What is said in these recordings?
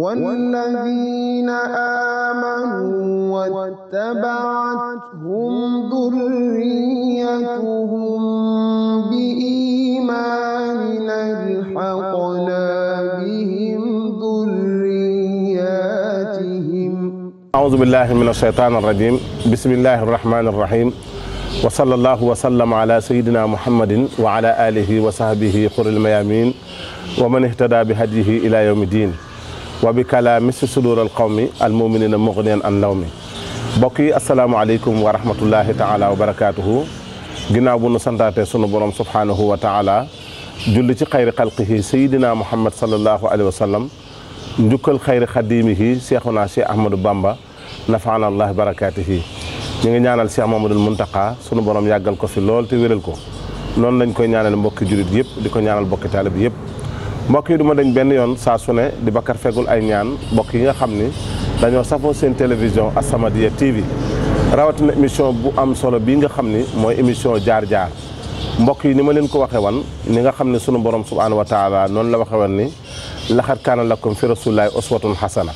والذين آمنوا واتبعتهم ذريتهم بإيمان الحقنا بهم ذرياتهم أعوذ بالله من الشيطان الرجيم بسم الله الرحمن الرحيم وصلى الله وسلم على سيدنا محمد وعلى آله وصحبه قر الميامين ومن اهتدى بهديه إلى يوم الدين wa bi kalaami si sudur al qawmi al muminina muxneen an law mi mbokk yi asalaamaaleykum wa rahmatullahi taala wa barakaatuhu ginnaaw bu nu sunu borom subhaanahu wa taala julli ci xayri xalqihi sayidina muhammad salallahu alayhi wa sallam njukkal xayri xadimihi seexuna cheikh ahmadou bamba nafaana allah barakaatihi ñu ngi ñaanal cheikh mamadul muntaka sunu borom yàggal ko fi lool te wéral ko noonu lañ koy ñaanal mbokki jurit yëpp di ko ñaanal mbokki taalib yëpp mbokk yi du ma dañ benn yoon saa sune di bakkar fegul ay ñaan mbokk yi nga xam ni dañoo safoo seen télévision As-Samadiyya TV rawatina émission bu am solo bii nga xam ni mooy émission jaar-jaar mbokk yi ni ma leen ko waxee wan ni nga xam ne sunu borom subhaanahu wa taala noonu la waxee woon ni laxat kaana kom fi rasulillahi uswatun xasana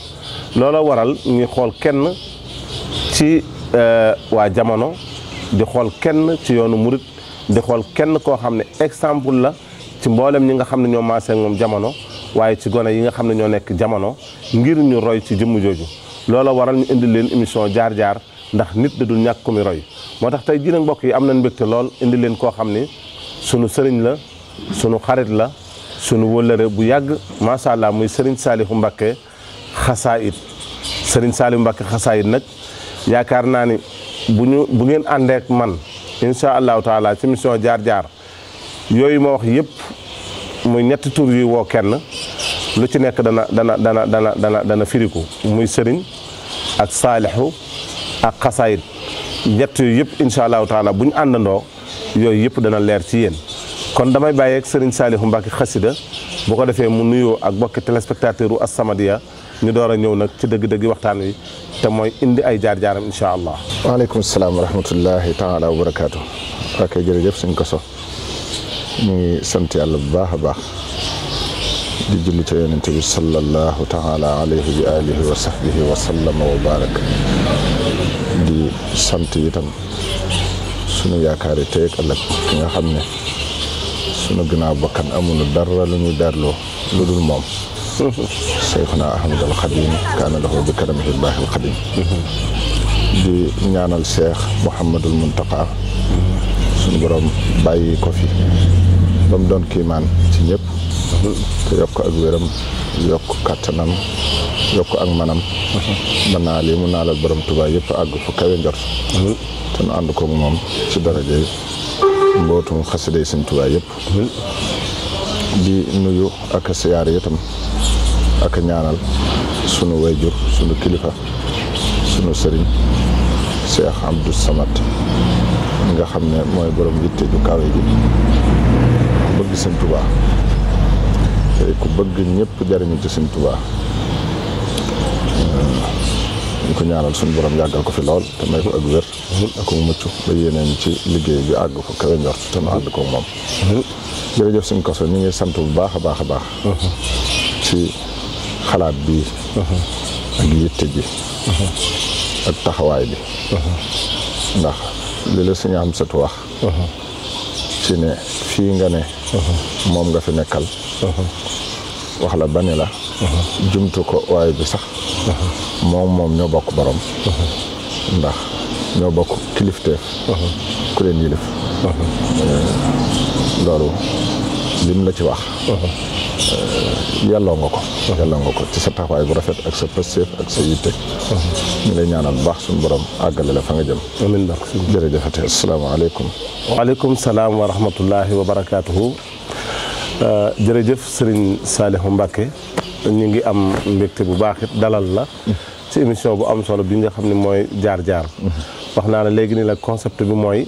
loola waral ñu xool kenn ci euh, waa jamono di xool kenn ci yoonu murit di xool kenn koo xam ne exemple la ci mboolem ñi nga xam ne ñoo maasee moom jamono waaye ci gone yi nga xam ne ñoo nekk jamono ngir ñu roy ci jëmm jooju loola waral ñu indil leen émission jaar-jaar ndax nit da dul ñàkk ku mi roy moo tax tey jii mbokk yi am nañ mbégte lool indi leen koo xam ni sunu sëriñ la sunu xarit la sunu wëllëre bu yàgg macha allah muy sëriñ Saalihu Mbakke xasaayit sëriñ Saalihu Mbakke xasaayit nag yaakaar naa ni bu ñu bu ngeen àndeek man incha allahu taala ci émission jaar-jaar. yooyu ma wax yëpp muy ñetti tur yuy woo kenn lu ci nekk dana dana dana dana dana dana firiku muy sëriñ ak saalixu ak xasaayit ñett yooyu yëpp incha allahu taala bu ñu àndandoo yooyu yëpp dana leer ci yéen kon damay bàyyeeg sëriñ saalixu Mbàkke xasida boo ko defee mu nuyoo ak bokki téléspectateur u As-Samadiyya ñu door a ñëw nag ci dëgg-dëgg waxtaan wi te mooy indi ay jaar-jaaram incha allah. waaleykum salaam wa rahmatullahi taala wa barakaatu. ok jërëjëf suñ ko so ñu ngi sant yàlla bu baax a baax di julli ci yonente bi sallallahu taala alayhi bi alihi wa sahbihi wa sallama wa baraka di sant itam sunu yaakaari teeg ëllëg ki nga xam ne sunu ginnaaw bakkan amuñu dara lu ñuy darloo lu dul moom Seyxuna Ahmad al Xadim kaana lahu bi karamihi Illaahi al Xadim mm-hmm. di ñaanal Cheikh Mouhamadul Muntaqa suñu borom bàyyi ko fi doon kiimaan ci ñëpp te yokk ak wéram yokk kàttanam yokk ak manam mën naa lii mu naalal borom Tuubaa yëpp àgg fu kawe njort te nu moom ci daraje mbootum xasida yi sëñ Tuubaa yëpp nuyu ak a siyaar itam ak a ñaanal sunu wayjur sunu kilifa sunu sëriñ Cheikh Abdou Samad nga xam ne mooy borom yitte ju kawe ji bëgg sëñ tubaa te ku bëgg ñëpp jariñu ci sëñ ñu ko ñaanal suñu borom yàggal ko fi lool te may ko ak wér ak mu mucc ba yéeneen ci liggéey bi àgg fa kawe njort te nu ànd ko moom jërëjëf suñ koso ñu ngi sant bu baax a baax a baax ci xalaat bi ak yitte ji ak taxawaay bi ndax li la suñu am satu wax ci ne fii nga ne moom nga fi nekkal wax la ba la jumtu ko waaye bi sax moom moom ñoo bokk boroom ndax ñoo bokk kilifteef ku leen yilif loolu lim la ci wax yelloo nga ko yelloo ci sa taxawaay bu rafet ak sa pësteef ak sa yitte ñu lay ñaanal baax suñu borom àggale la fa nga jëm amiin baax jërëjëfate asalaamaaleykum waaleykum salaam wa rahmatullahi wa euh, jërëjëf sëriñ Saalihu Mbàkke ñu ngi am mbégte bu baax dalal la ci émission bu am solo bi nga xam ne mooy jaar-jaar mm-hmm. wax naa la léegi ni la concept bi mooy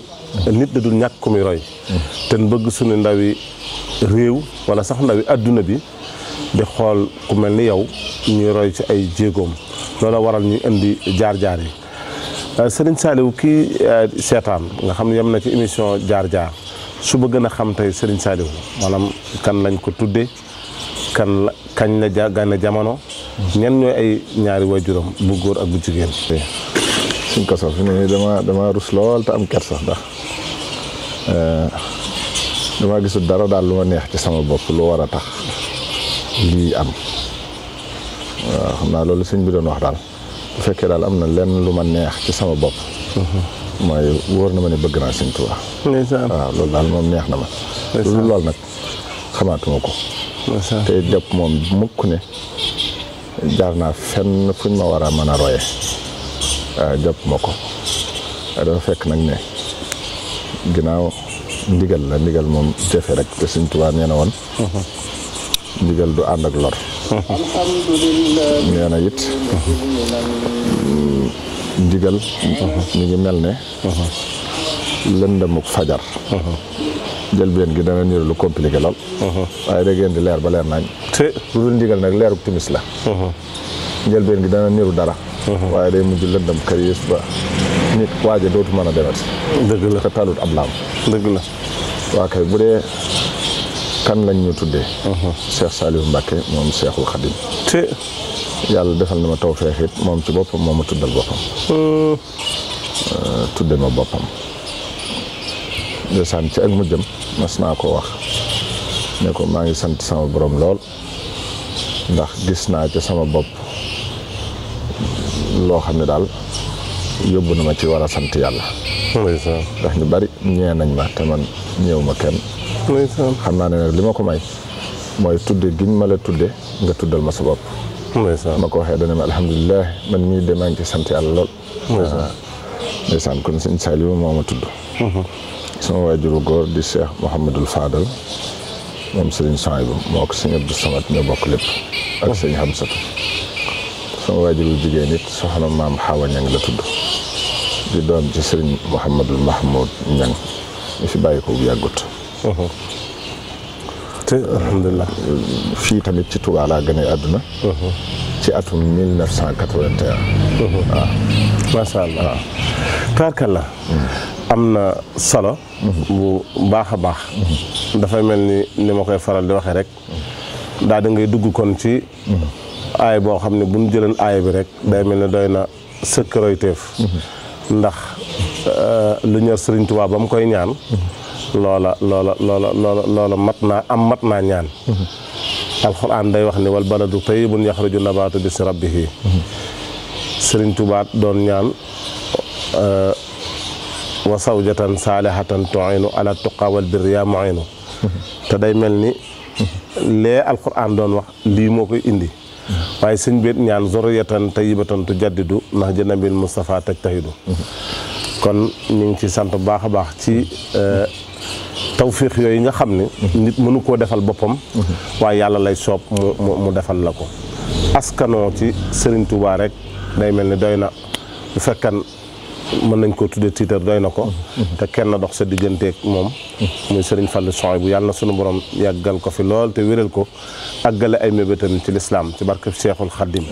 nit da dul ñàkk ku muy roy te bëgg suñu ndawi réew wala sax ndawi àdduna bi di xool ku mel ni yow ñuy roy ci ay jéegoom loola waral ñu indi jaar-jaar yi euh, sëriñ Saliou kii euh, seetaan nga xam yam na ci émission jaar-jaar su bëgg na xam tey sëriñ Saliou maanaam kan lañ ko tuddee kan la kañ la ja gane jamono ñen ñooy ay ñaari waajuram bu góor ak bu jigéen suñ ko sax fi ne dama rus lool te am kersa ndax Euh, damaa gisul dara daal lu ma neex ci sama bopp lu war a tax lii am waaw xam naa loolu sëñ bi doon wax daal bu fekkee daal am na lenn lu ma neex ci sama bopp mooy wóor na ma ne bëgg naa sëñ Tuubaa loolu daal moom neex na ma loolu lool nag xamaatuma ko te jàpp moom mukk ne jaar naa fenn fuñ ma war a mën a roye waaw jàpp ma ko dafa fekk nag ne ginnaaw ndigal la ndigal moom jafe rek te Sëñ Tuubaa nee na woon ndigal du ànd ak lor nee na ndigal ñu ngi mel ne lëndamuk fajar jëlbeen gi dana niru lu compliqué lool waaye da ngeen di leer ba leer nañ te dul ndigal nag leeruk timis la jëlbeen gi dana niru dara uhuh. waaye day mujj lëndam kër ba waaja dootu mën a demati. dëgg la te ab laam. la. waa kay bu dee kan lañ ñu tuddee. Uh-huh. Cheikh Saliou Mbacke moom Cheikhul Khadim. yàlla defal na ma tawfeex it moom ci boppam moom ma tuddal boppam. Uh. Uh, tudde ma boppam. ndeysaan ci ak mu jëm mas naa ko wax ne ko maa ngi sant sama borom lool ndax gis naa ci sama bopp loo xam ne daal. yóbbu na ma ci war a sant yàlla. ndax ñu bari ñee ma te man ñëw ma kenn. xam naa ne nag li ma ko may mooy tudde giñ ma la tudde nga tuddal ma sa bopp. ma ko waxee dana ma alhamdulilah man mii de ci sant yàlla lool. ndeysaan kon sëñ ma tudd. Mhm. sama waajuru góor di Cheikh Mouhamadul Fadal moom Serigne moo ko sëñ Abdou Samad ñoo bokk lépp. ak sëñ Hamsatu sama waajur jigéen it soxna maam Xawa Ñang la tudd di doom ci sëriñ Mouhamadul Mahmoud Ñang ñu fi bàyyi ko bu yàggut te alhamdulilah fii tamit ci Touba laa gane àdduna ci atum 1981 waaw macha hmm. am na solo hmm. bu baax a baax hmm. dafay mel ni ni ma koy faral di waxee rek daal da dugg kon ci aay boo xam ne bu ñu jëleen aay bi rek day mel ni doy na sëkkëroy teef ndax euh, lu ñor Sëriñ Tuubaa ba mu koy ñaan loola loola loola mat naa am mat naa ñaan alxuraan day wax ni wal baladu tayyibun yaxruju nabaatu bi si rabbihi Sëriñ Tuubaa doon ñaan euh, wa sawjatan saalihatan tuinu ala tuqa wal bir yaa te day mel ni lee alxuraan doon wax lii moo koy indi waaye sëñ bi ñaan zoriyatan tayyibatan tujaddidu ndax jënabil Moustapha taj tahidu kon ñu ngi ci sant bu baax a baax ci euh, tawfiix yooyu nga xam ni nit mënu koo defal boppam waaye yàlla lay soob mu mu defal la ko askanoo ci Sëriñ Tuubaa rek day mel ni doy na bu fekkan mën nañ koo tuddee tiitar doy na ko te kenn dox sa digganteek moom muy sëriñ Fallu Soy bu yàlla na sunu borom yàggal ko fi lool te wéral ko àggale ay mébétam ci lislaam ci barke Seexul Xaddim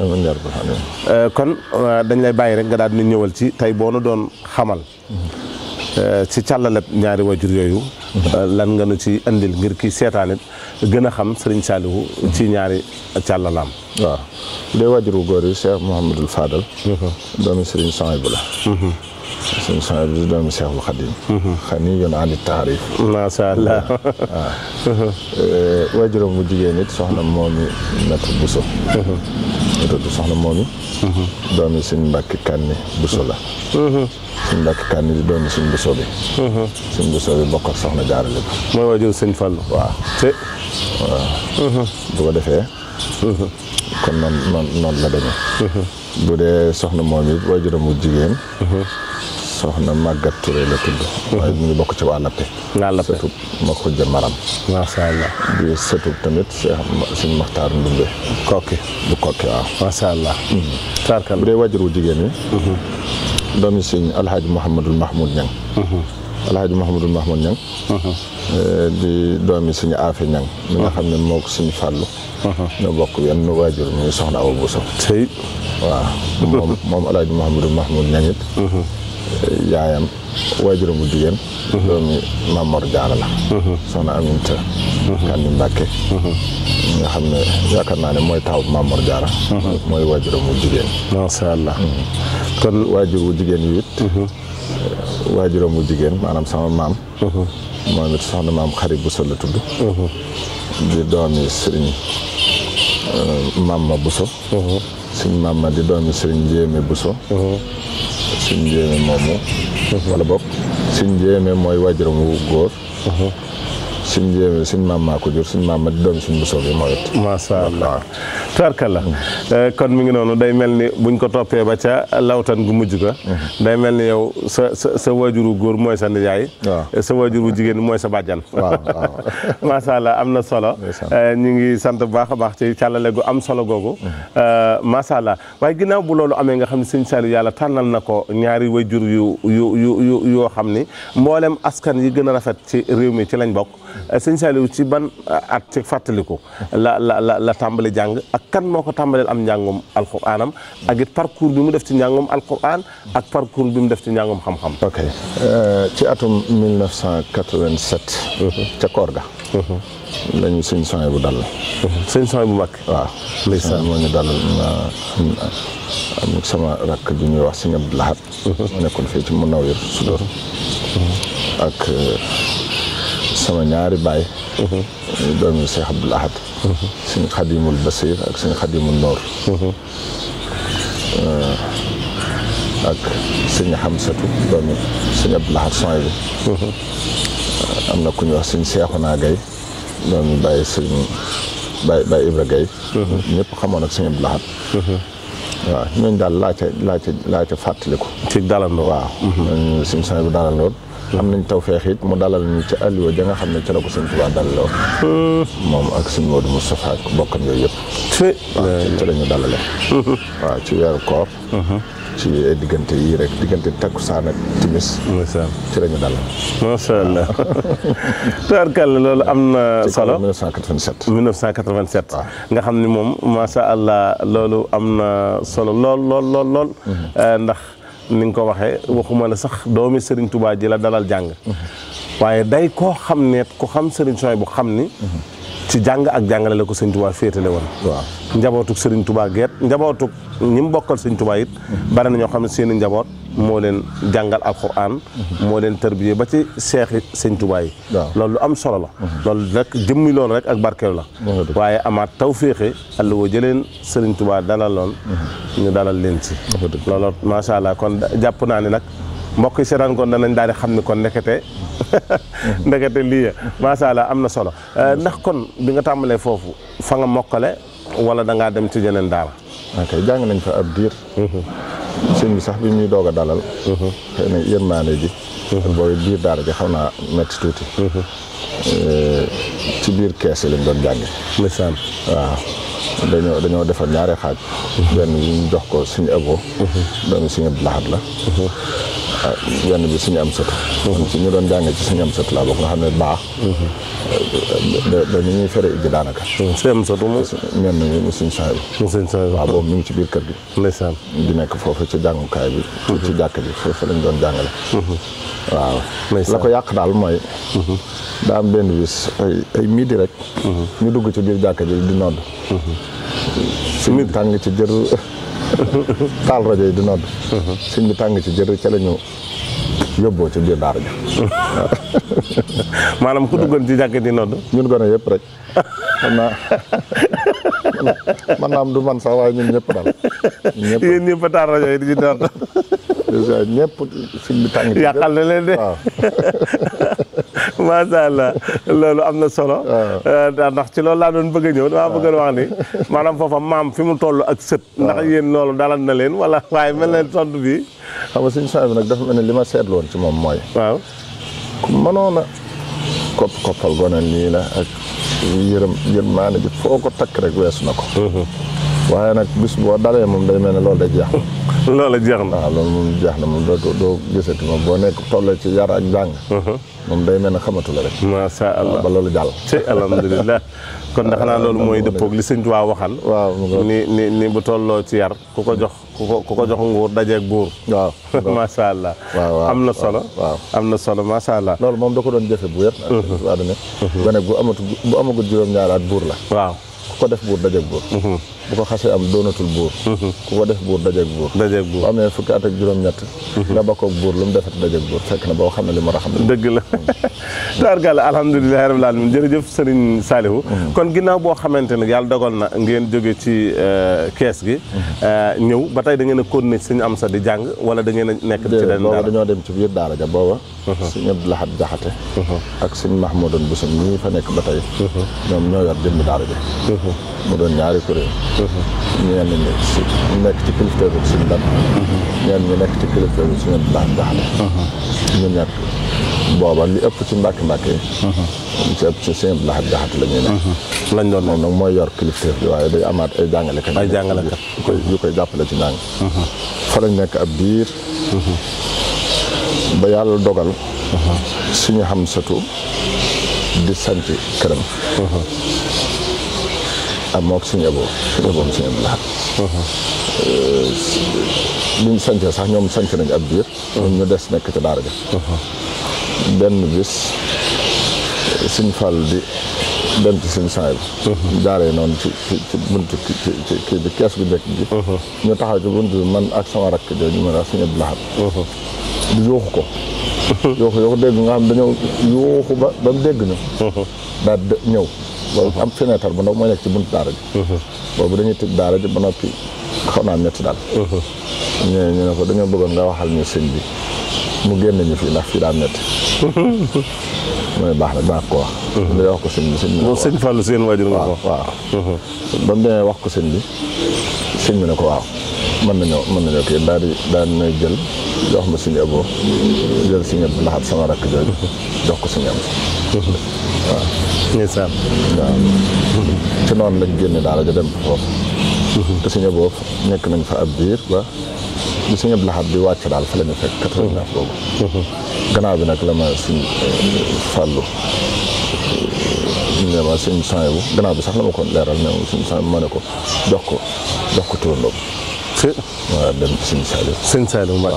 kon euh, dañ lay bàyyi rek nga daal di ñëwal ci tey boo na doon xamal Euh, ci càllaleb ñaari wajur yooyu euh, lan nga nu ci andil ngir ki seetaanit gën a xam sëriñ Saalihu si ñaari càllalaam waaw dee wajuru góor yi Cheikh Mouhamadul Fadal doomi sëriñ Sanay bu la suñu sang bi di doomi Seexul Xadim mhm. xani yoon andi ah. mhm. eh, soxna moomi natt Buso ñu mhm. tudd soxna moomi doomi suñ mbàkki kanni Buso la suñ mbàkki kanni doomi suñ Buso bi suñ Buso bi bokk ak soxna jaarale ko mooy waajur sëñ Fallu waaw te bu ko defee kon noonu la demee bu dee soxna moom it waajuram bu jigéen soxna Maguette Touré la tudd. waaye mu ngi bokk ci waa Lappe. waa Lappe sëtub ma xujja maram. macha allah tamit suñu Maxtaar Ndumbe. kokki bu kokki waaw. macha allah. tarkal bu dee waajur wu jigéen ñi. Mhm. doomi sëñ Alhaji Mouhamadul Mahmoud Niang. Mhm. Alhaji Mouhamadul Mahmoud Niang. Mhm. Eh, di doomi suñu Afe Niang. mi nga xam ne mook ko suñu fàllu. ñoo bokk yenn waajur mi soxna Awa Bousso. tey waaw moom moom Alhaji Mouhamadul Mahmoud Niang yaayam waajuram bu jigéen mhm. doomi Maam Mor Jaara la mhm. soxna Aminta mhm. Kanni nga xam ne yaakaar naa ne mooy taw Maam Mor Jaara mooy waajuram bu jigéen masha Allah kon waajur bu jigéen yu it waajuram jigéen maanaam sama maam moom it soxna maam xarit bu la tudd di doomi sëriñ maam ma Buso sëriñ maam ma di doomi sëriñ Jéeme Buso sëñ Jéeme moomu. Mhm. wala boog sëñ Jéeme mooy waajuram wu góor. Mhm. suñ jéem suñ maam maa ko jur suñ maam ma doom suñ bu soobee moo it. macha la tarkala mm-hmm. eh, kon mu ngi noonu day mel ni buñ ko toppee ba ca lawtan gu mujj ga. Mm-hmm. day mel ni yow sa sa waajuru góor mooy sa nijaay. Eh, sa waajuru jigéen mooy sa bàjjan. waaw am na solo. Eh, ñu ngi sant bu baax a baax ci càllale gu am solo googu. Mm-hmm. macha allah waaye ginnaaw bu loolu amee nga xam ne sëñ Saliou yàlla tànnal na ko ñaari waajur yu yu yu yoo xam ni mboolem askan yi gën a rafet ci réew mi ci lañ bokk. sëñ Saliou ci ban uh, at ci fàttaliku la la la la tàmbali jàng ak kan moo ko tàmbaleel am njàngum alxuraanam ak it parcours bi mu def ci njàngum alxuraan ak parcours bi mu def ci njàngum xam-xam. ok euh, ci atum 1987. Mhm. ca Korga. Mhm. lañu sëñ Saliou bu dalal. Mhm. sëñ Saliou bu mag. waaw ndeysaan moo ñu dalal am sama rakk bi ñuy wax si Abdou Lahad. mu nekkoon fii ci Munawir Sudur. ak. Euh, sama ñaari baay ñu mhm. doomi Cheikh Abdoul Ahad mhm. suñ xadimul basir ak suñ xadimul noor mhm. euh, ak sëñ Xamsatu doomi sëñ Abdoul Ahad soy bi euh, am na ku ñu wax sëñ Seexuna Gay doomi bàyyi sëñ bàyyi bay Ibra Gay ñëpp xamoon ak sëñ Abdoul Ahad waaw ñooñu daal laa ca laa ca laa ca fàttaliku ci dalandoo waaw ñooñu sëñ am nañ tawféex it mu dalal ñu ca Aliou ja nga xam ne ca la ko sëñ Tuubaa dalaloo. Hmm. moom ak sëñ Modou Moustapha ak bokkam yooyu yëpp. waaw ca la ñu dalale. Hmm. waaw ci weeru koor. Hmm. ci diggante yii rek diggante takkusaan ak timis. macha allah ci la ñu dalal. macha allah. tubaarkàlla loolu am na solo 1987. 1987. nga xam ni moom macha allah loolu am na solo lool lool lool lool. Eh, ndax. ni nga ko waxee waxuma la sax doomi Serigne Touba ji la dalal jàng waaye day koo xam ne ku xam Serigne Souhaïbou bu xam ni ci jàng ak jàngale la ko sëñ Touba féetale woon waaw njabootuk Serigne Touba get njabootuk ñi mu bokkal sëñ Touba it bari na ñoo xam ne seen njaboot moo leen jàngal alquran moo leen tarbiyee ba ci seexi sëñ Tuubaa yi loolu lu am solo la mhm. loolu rek jëmmi loolu rek ak barkeelu la waaye amaat tawféexe àll woo jëleen sëriñ Tuubaa dalaloon mhm. ñu dalal leen ci loolu macha allah kon jàpp naa ne nag mbokk yi seetaan kon danañ daal di xam ni kon ndekete mhm. ndekete lii ya macha allah am na solo eh, ndax kon bi nga tàmbalee foofu fa nga mokkale wala da ngaa dem ci jeneen daara ok jàng nañ fa ab sëñ bi sax bi ñuy doog a dalal. Mhm. xëy na yërmaane ji. Mhm. booy biir daara ji xam naa métti tuuti. Mhm. Eh, ci biir kees yi lañ doon jànge ndeysaan waaw dañoo dañoo defar ñaari xaaj. benn ñu jox ko suñu ëbboo. doomi suñu laxat la. benn ah, bi suñu am sët man ci doon jànge ci suñu am sët laa bokk nga xam ne baax mm-hmm. da ñu ñuy fere ijji daanaka mm-hmm. suñu am sët moom ñenn ñi mu si sang bi mu suñ sang bi waaw ngi ci biir kër gi ndeysaan di nekk foofu ci jàngukaay bi mm-hmm. ci jàkk bi foofu lañ doon jàngale waaw la ko yàq daal mooy daa am benn bis ay ay midi rek ñu dugg ci biir jàkk ji di nodd suñu tàng ci jër taal rajo yi di nodd sëñ bi tàng ci jër ca la ñu yóbboo ci bi daara ji maanaam ku duggoon ci jàkk di nodd ñun gone yëpp rek xam man naam du man sax waaye ñun ñëpp daal ñëpp yéen taal rajo yi di nodd ñëpp sëñ bi tàng ci yàqal na leen de macha allah loolu am na solo. Euh, ndax ci loolu laa doon bëgg a ñëw damaa bëgg a wax ni maanaam foofa maam fi mu toll ak sët. ndax yéen loolu dalal na leen wala waaye mel na tontu bi. xam nga suñu sang bi nag dafa mel ne li ma seetloon ci moom mooy. waaw ku mënoon a kopp koppal gone nii la ak yërëm yërmaane ji foo ko takk rek weesu na ko. Mm-hmm. waaye nag bis boo dalee moom day mel ne loolu day jeex na. loola jeex na waaw loolu moom jeex na moom doo doo gisati moom boo nekk tollee ci yar ak jàng. Uh-huh. moom day mel ne xamatu la rek. macha allah ba loolu jàll. ci alhamdulilah kon ndax naa loolu mooy dëppoog li sëñ Tuubaa waxal. waaw ni ni ni bu tolloo ci yar ku ko jox. ku ko jox nguur dajeeg buur. waaw macha allah. waaw am na solo. waaw am na solo macha allah. loolu moom da ko doon jëfe bu wér. waaw uh-huh. bu uh-huh. amatu bu amagut juróom-ñaari at buur la. waaw ku ko def buur dajeeg buur. bu ko xasee am doonatul buur mhm. ku ko def buur dajeeg buur dajeeg buur bu amee fukki at ak juróom-ñett mhm. nga bakkoog buur lu mu defati dajeeg buur fekk na boo xam ne li mu war xam ne dëgg la taargàlla alhamdulilahi rabbil alamin jërëjëf Serigne Saliou mhm. kon ginnaaw boo xamante ne yàlla dogal na ngeen jóge ci euh, kees gi euh, ñëw ba tey da ngeen a si suñu am sa di jàng wala da ngeen a nekk ci leen booba dañoo dem ci biir daara ja booba suñu Abdou Lahad Jaxate ak suñu Mahmoudoun Bousso ñii fa nekk ba tey ñoom ñoo yor jëmmi daara ja doon ñaari kuréel ñeen ñi si nekk ci kilifteef ak suñu lan ñeen ñi nekk ci kilifteef ak suñu ndax ndax ñu nekk booba li ëpp ci mbàkk mbàkk yi li ci ëpp ci seen laxat jaxat la ñuy nekk lañ doon moom nag mooy yor kilifteef bi waaye day amaat ay jàngalekat ay jàngalekat yu koy jàppale ci njàng fa lañ nekk ab diir ba yàlla dogal suñu xam satu di sanc këram am mook suñu abo suñu aboom suñu abo sax ñoom sañc nañ ab biir ñun ñu des nekk ci daara ja benn bis suñ fal di dem ci suñ saay bi ñu jaaree noonu ci ci ci kees gu njëkk bi ñu taxaw ci buntu man ak sama rakk jooju ma suñu abo laxat di yuuxu ko yuuxu yoo ko dégg nga xam dañoo ba ba mu dégg ñu ñëw boobu am fenêtre bu ndaw moo nekk ci bunt daara mhm. boobu dañuy tëj daara ji ba noppi xaw naa metti daal mhm. ñu ñu ne ko dañoo bëggoon nga waxal ñu sëñ bi mu génn ñu fii ndax fii daa metti mooy mhm. baax na dinaa ko wax da wax ko sëñ bi sëñ bi sëñ Fallou seen waajur nga ko waaw ba mu wax ko sëñ bi sëñ ne ko waaw mën nañoo mën nañoo kii daal di daal di jël jox ma sëñ Abo jël sëñ Abdou Lahad sama rakk jox ko sëñ Abo waaw. ndeysaan waaw ci noonu lañ génne daara ja dem foofu. te suñu boobu nekk nañ fa ab biir ba bi suñu laxaat bi wàcc daal fa la ñu fekk. 89 boobu. gannaaw bi nag la ma suñ euh, fàllu. ñu euh, ne ma suñ sang bu gannaaw bi sax la ma ko leeral ne ma suñ sang ma ne ko jox ko jox ko turandoom. waaw dem sëñ Saliou. sëñ Saliou Mbacke.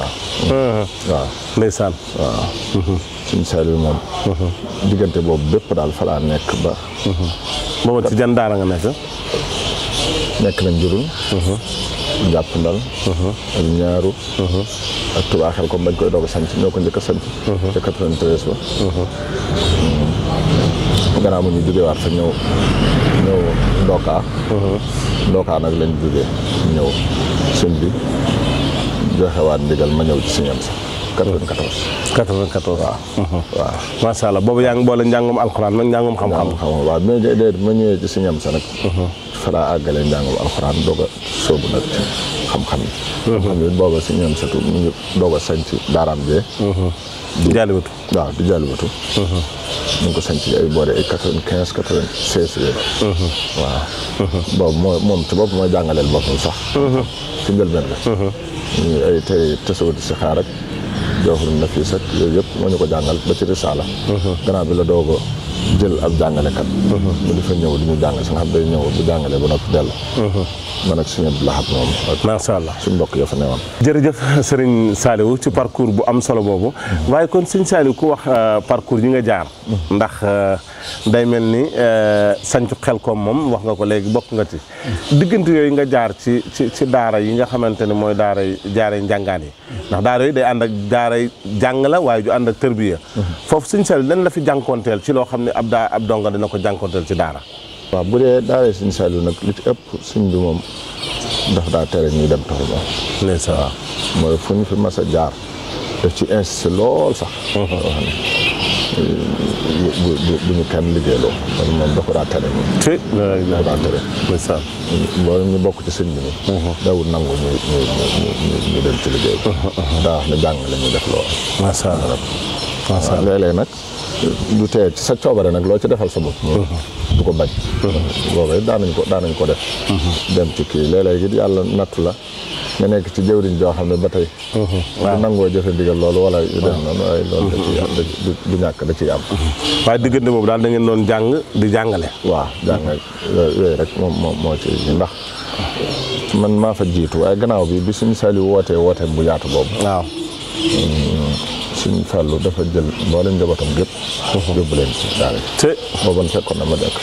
waaw ah. waaw. ndeysaan. waaw. Mhm. sëñ Saliou moom. Mhm. diggante boobu bépp daal fa nekk ba. Mhm. booba ci jan daara nga nekk. nekk nañ njurul. jàpp ndal. ak ñaaru. ak tubaa xel comme bañ koy doog a sant ko njëkk a sant. ca 93 ba. Mm. gannaaw mu ñëw ñëw Ndoka. ndookaa nag lañ jógee ñëw sëñ bi joxewaat ndigal ma ñëw ci sëñam sax 94. 94 waaw. waaw macha allah boobu yaa ngi boole njàngum alxuraan man njàngum xam-xam. waaw mais déedéet ma ñëwee ci sëñam sa nag. Mhm. fa laa àggale njàngum alxuraan doog nag. xam-xam yi xam yi booba si ñoom surtout mu ngi doog a sanc daaraam jee mhm. di jaalibatu waaw mhm. ko sanc ay boore ay quatre-vingt-quinze quatre mhm. boobu moo moom ci mooy jàngaleel boppam sax ci njëlbeen la ñu ay tey tasawudi si xaar ak jooxul na fii sax yooyu yëpp moo ñu ko jàngal ba ci risaala gannaaw bi la doog jël ab jàngalekat mu di fa ñëw di ñu jàngal si nga xam day ñëw bu jàngalee ba noppi dellu man ak suñu Abdoulahat moom. macha allah suñu mbokk yoo fa newoon. jërëjëf sëriñ Saliou ci parcours bu am solo boobu waaye kon sëriñ Saliou ku wax euh, parcours yi nga jaar. ndax euh, day mel ni euh, sancu xel koom moom wax nga ko léegi bokk nga ci. diggante yooyu nga jaar ci ci daara yi nga xamante ne mooy daara jaaree njàngaan yi. ndax daara yi day ànd ak daara jàng la waaye ju ànd ak tërbiya. Mhm. foofu sëriñ Saliou lan la fi jànkoonteel ci loo xam ne ab daa ab donga dina ko jànkoonteel ci daara. waaw bu dee si Sëñ Saliou nag li ci ëpp sëñ bi moom daf daa tere ñuy dem taxu ba ndeysaan mooy fu ñu fi mas jaar daf ci insisté lool sax yoo ñu kenn liggéey loolu moom da ko daa tere ñi da ko daa tere ñu bokk ci sëñ bi ni dawul nangu ñu ñu ñu dem ci liggéey daa wax ne jàng la def lool macha allah léeg-léeg nag du tee sa coobare nag loo ci defal sa bopp. du ko bañ. boobee daanañ ko daanañ ko def. dem ci kii léeg-léeg it yàlla nattu la nga nekk ci jëwriñ joo xam ne ba tey. waaw du nangoo jëfe ndigal loolu wala yu dem noonu waaye du ñàkk da ciy am. waaye diggante boobu daal da ngeen doon jàng di jàngale. waaw jàng yooyu rek moom moo ci ndax. man maa fa jiitu waaye gannaaw bi bi suñu wootee woote bu yaatu boobu. waaw. Mm. suñ fàllu dafa jël mboolem njabootam gépp yóbbu leen ci daara ji na ma nekk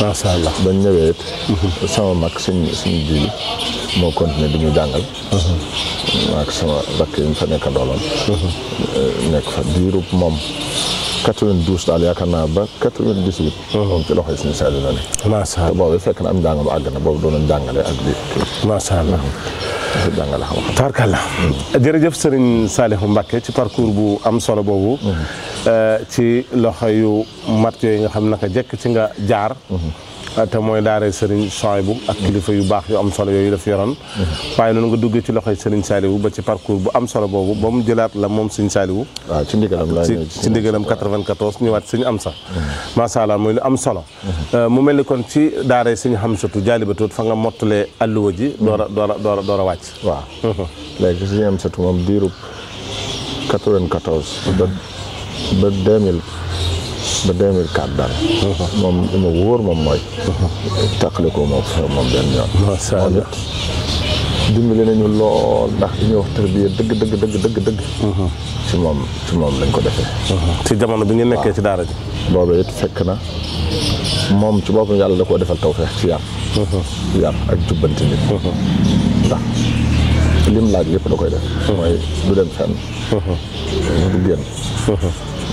macha ba bañ ñëwee it mhm. sama mag suñ ji moo continué di ñu jàngal mhm. ak sama rakk yi ñu fa nekka ndooloon mhm. eh, nekk fa diirub moom 92 daal yaakaar naa ba 98. moom ci loxo yi suñu seetlu na ne. macha allah te boobu fekk na am njàngam àgg na boobu doon nañ jàngale ak di. macha allah. jàngale xam-xam taarkalla jërëjëf Serigne Saliou ci parcours bu am solo boobu mhm. euh, ci loxo yu mat yooyu nga xam naka jekk ci nga jaar mhm. Ah, te mooy daaree Serigne Souhaïbou ak kilifa yu baax yu am solo yooyu daf yoroon waaye noonu nga duggee ci loxo loxoy Serigne Saliou ba ci parcours bu am solo boobu ba mu jëlaat la moom Serigne Saliou waaw ci ndigalam la ci ndigalam 94 ñëwaat Serigne Amsa mm-hmm. macha allah muy lu am solo mm-hmm. euh, mu mel ni kon ci daaree Serigne Hamsatou Dialibatoul fa nga mottalee alluwa ji door a mm-hmm. door a door a door a wàcc waaw léegi Serigne Hamsatou moom diirub 94 ba ba 2000 ba 2004 daal. moom li wóor moom mooy. tàqale ko moom moom benn yoon. macha allah dimbali nañu lool ndax li ñuy wax tërbiya dëgg dëgg dëgg dëgg dëgg. ci moom ci moom lañ ko defee. ci jamono bi ngeen nekkee ci daara ji. boobu it fekk na moom ci boobu yàlla da koo defal tawfeex ci yar. yar ak jubbanti nit. ndax lim laaj yépp da koy def. mooy du dem fenn. du génn.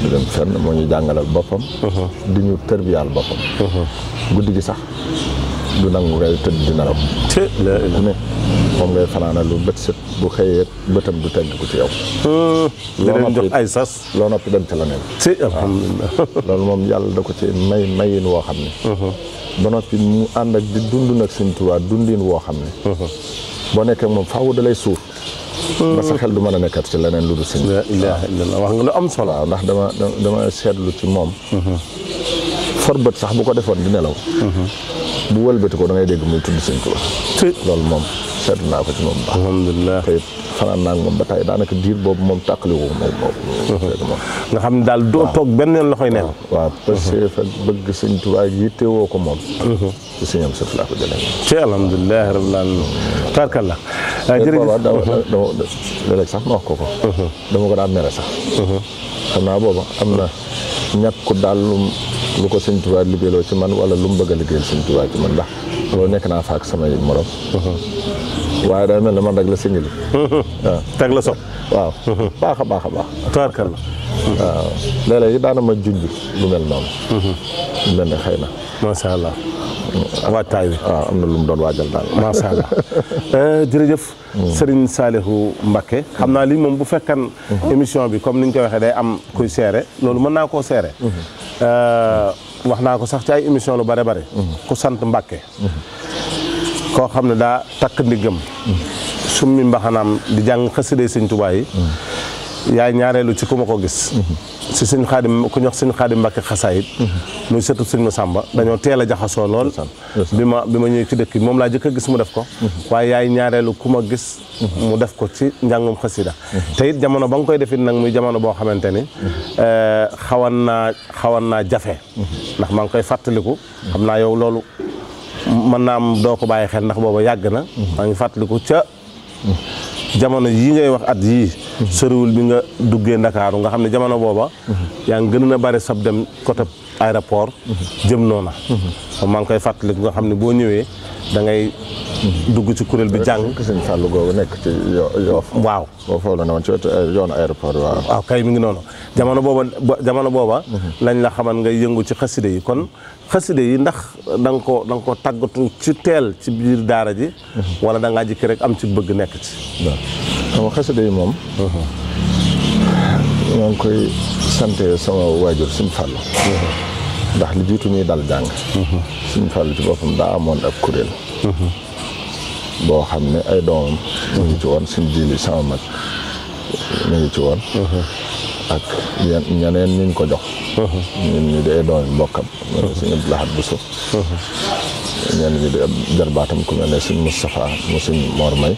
du dem fenn moo ñu jàngalal boppam uh-huh. di ñu tërbiyaal boppam uh-huh. guddi gi sax du nangu ngay tëdd di nelaw ku ne moom ngay fanaana lu bët set bu xëyee bëtam du tegg ko ci yow uh, loo jox ay sas loo noppi dem ci la neen loolu moom yàlla da ko ci may mayin woo xam ne uh-huh. ba noppi mu ànd ak di dund nag Sëñ Tuubaa dundin woo xam ne boo nekkee moom faaw da lay suuf ba sa xel du mën a nekkat ci leneen lu dul sëñ bi wax nga lu am solo waaw ndax dama dama seetlu ci moom mhm. forbët sax bu ko defoon di nelaw mhm. bu wëlbati ko da ngay dégg muy tudd sëñ te loolu moom seetlu naa ko ci moom baax alhamdulilah te fanaan naa moom ba tey daanaka diir boobu moom tàqaliwu moom mhm. moom nga xam ne daal doo toog benn yoon loxoy neen waaw parce que fa bëgg sëñ Tuubaa yittewoo ko moom ci sëñam sëf laa ko jëlee ci alhamdulilah rabbil alamin tarkalla jërëjëf léeg-léeg sax ma wax ko ko dama ko daan mere sax xam naa booba am na ñàkku daal lum lu ko sëñ Tuubaa liggéeyloo ci man wala lu mu bëgg a liggéeyal sëñ Tuubaa ci man ndax loolu nekk naa faak samay morom waaye day mel ne man rek la singili teg la sob waaw baax a baax a baax tubaarkal la waaw léeg-léeg yi daana lu mel noonu lu mel ne xëy na macha allah waajtaay bi waaw am na lu mu doon waajal daal macha allah eh, jërëjëf mm. Serigne Saliou Mbacké xam naa lii moom bu fekkan mm-hmm. émission bi comme ni ñu koy waxee day am kuy seere loolu mën naa koo seere mm-hmm. eh, wax naa ko sax ci ay émission lu bare bare mm-hmm. ku sant Mbacké koo xam ne daa takk ndiggam summi mbaxanaam di jàng xësidee sëñ Tuubaa yaay ñaareelu ci ku ma ko gis si sëñ xaadim ku ñox sëñ xaadim Mbàkke xasaayit muy sëtu sëñ sàmba dañoo teel a jaxasoo lool bi ma bi ma ñëwee ci dëkk moom laa jëkk a gis mu def ko waaye yaay ñaareelu ku ma gis mu def ko ci njàngum xasida te it jamono ba nga koy defit nag muy jamono boo xamante ni eh, xawan naa xawan naa jafe ndax maa ngi koy fàttaliku xam naa yow loolu mën naa am doo ko bàyyi xel ndax booba yàgg na maa ngi fàttaliku ca jamono yii ngay wax at yii soriwul bi nga duggee ndakaaru nga xam ne jamono booba yaa gën a bari sab dem côté aéroport jëm noona maa ngi koy fàttaliku nga xam ne boo ñëwee da ngay dugg ci kuréel bi jàng. sëñ Fallou googu nekk ci yoo waaw foofu la ne woon ci euh, yoonu aéroport waaw. waaw ah, mi ngi noonu jamono booba jamono booba. Mhm. lañ la xaman ngay yëngu ci xaside yi kon xaside yi ndax da nga ko da tàggatu ci teel ci biir daara ji wala da ngaa jikki rek am ci bëgg nekk ci waaw xaside yi moom ñoo uh-huh. ngi koy sante sama waajur suñu fàllu uh-huh. ndax li jiitu daal dal jàng uh-huh. suñu fàllu ci boppam daa amoon ak kuréel boo xam ne ay doomam ñu ngi ci woon suñu jiili sama mag ñu ngi ci woon ak ñeneen ñuñ ko jox ñun ñu dee doomi mbokkam mel ne suñu Abdoulahad Bousso ñenn ñi di ab jarbaatam ku mel ne suñ Moustapha mu suñ Mor May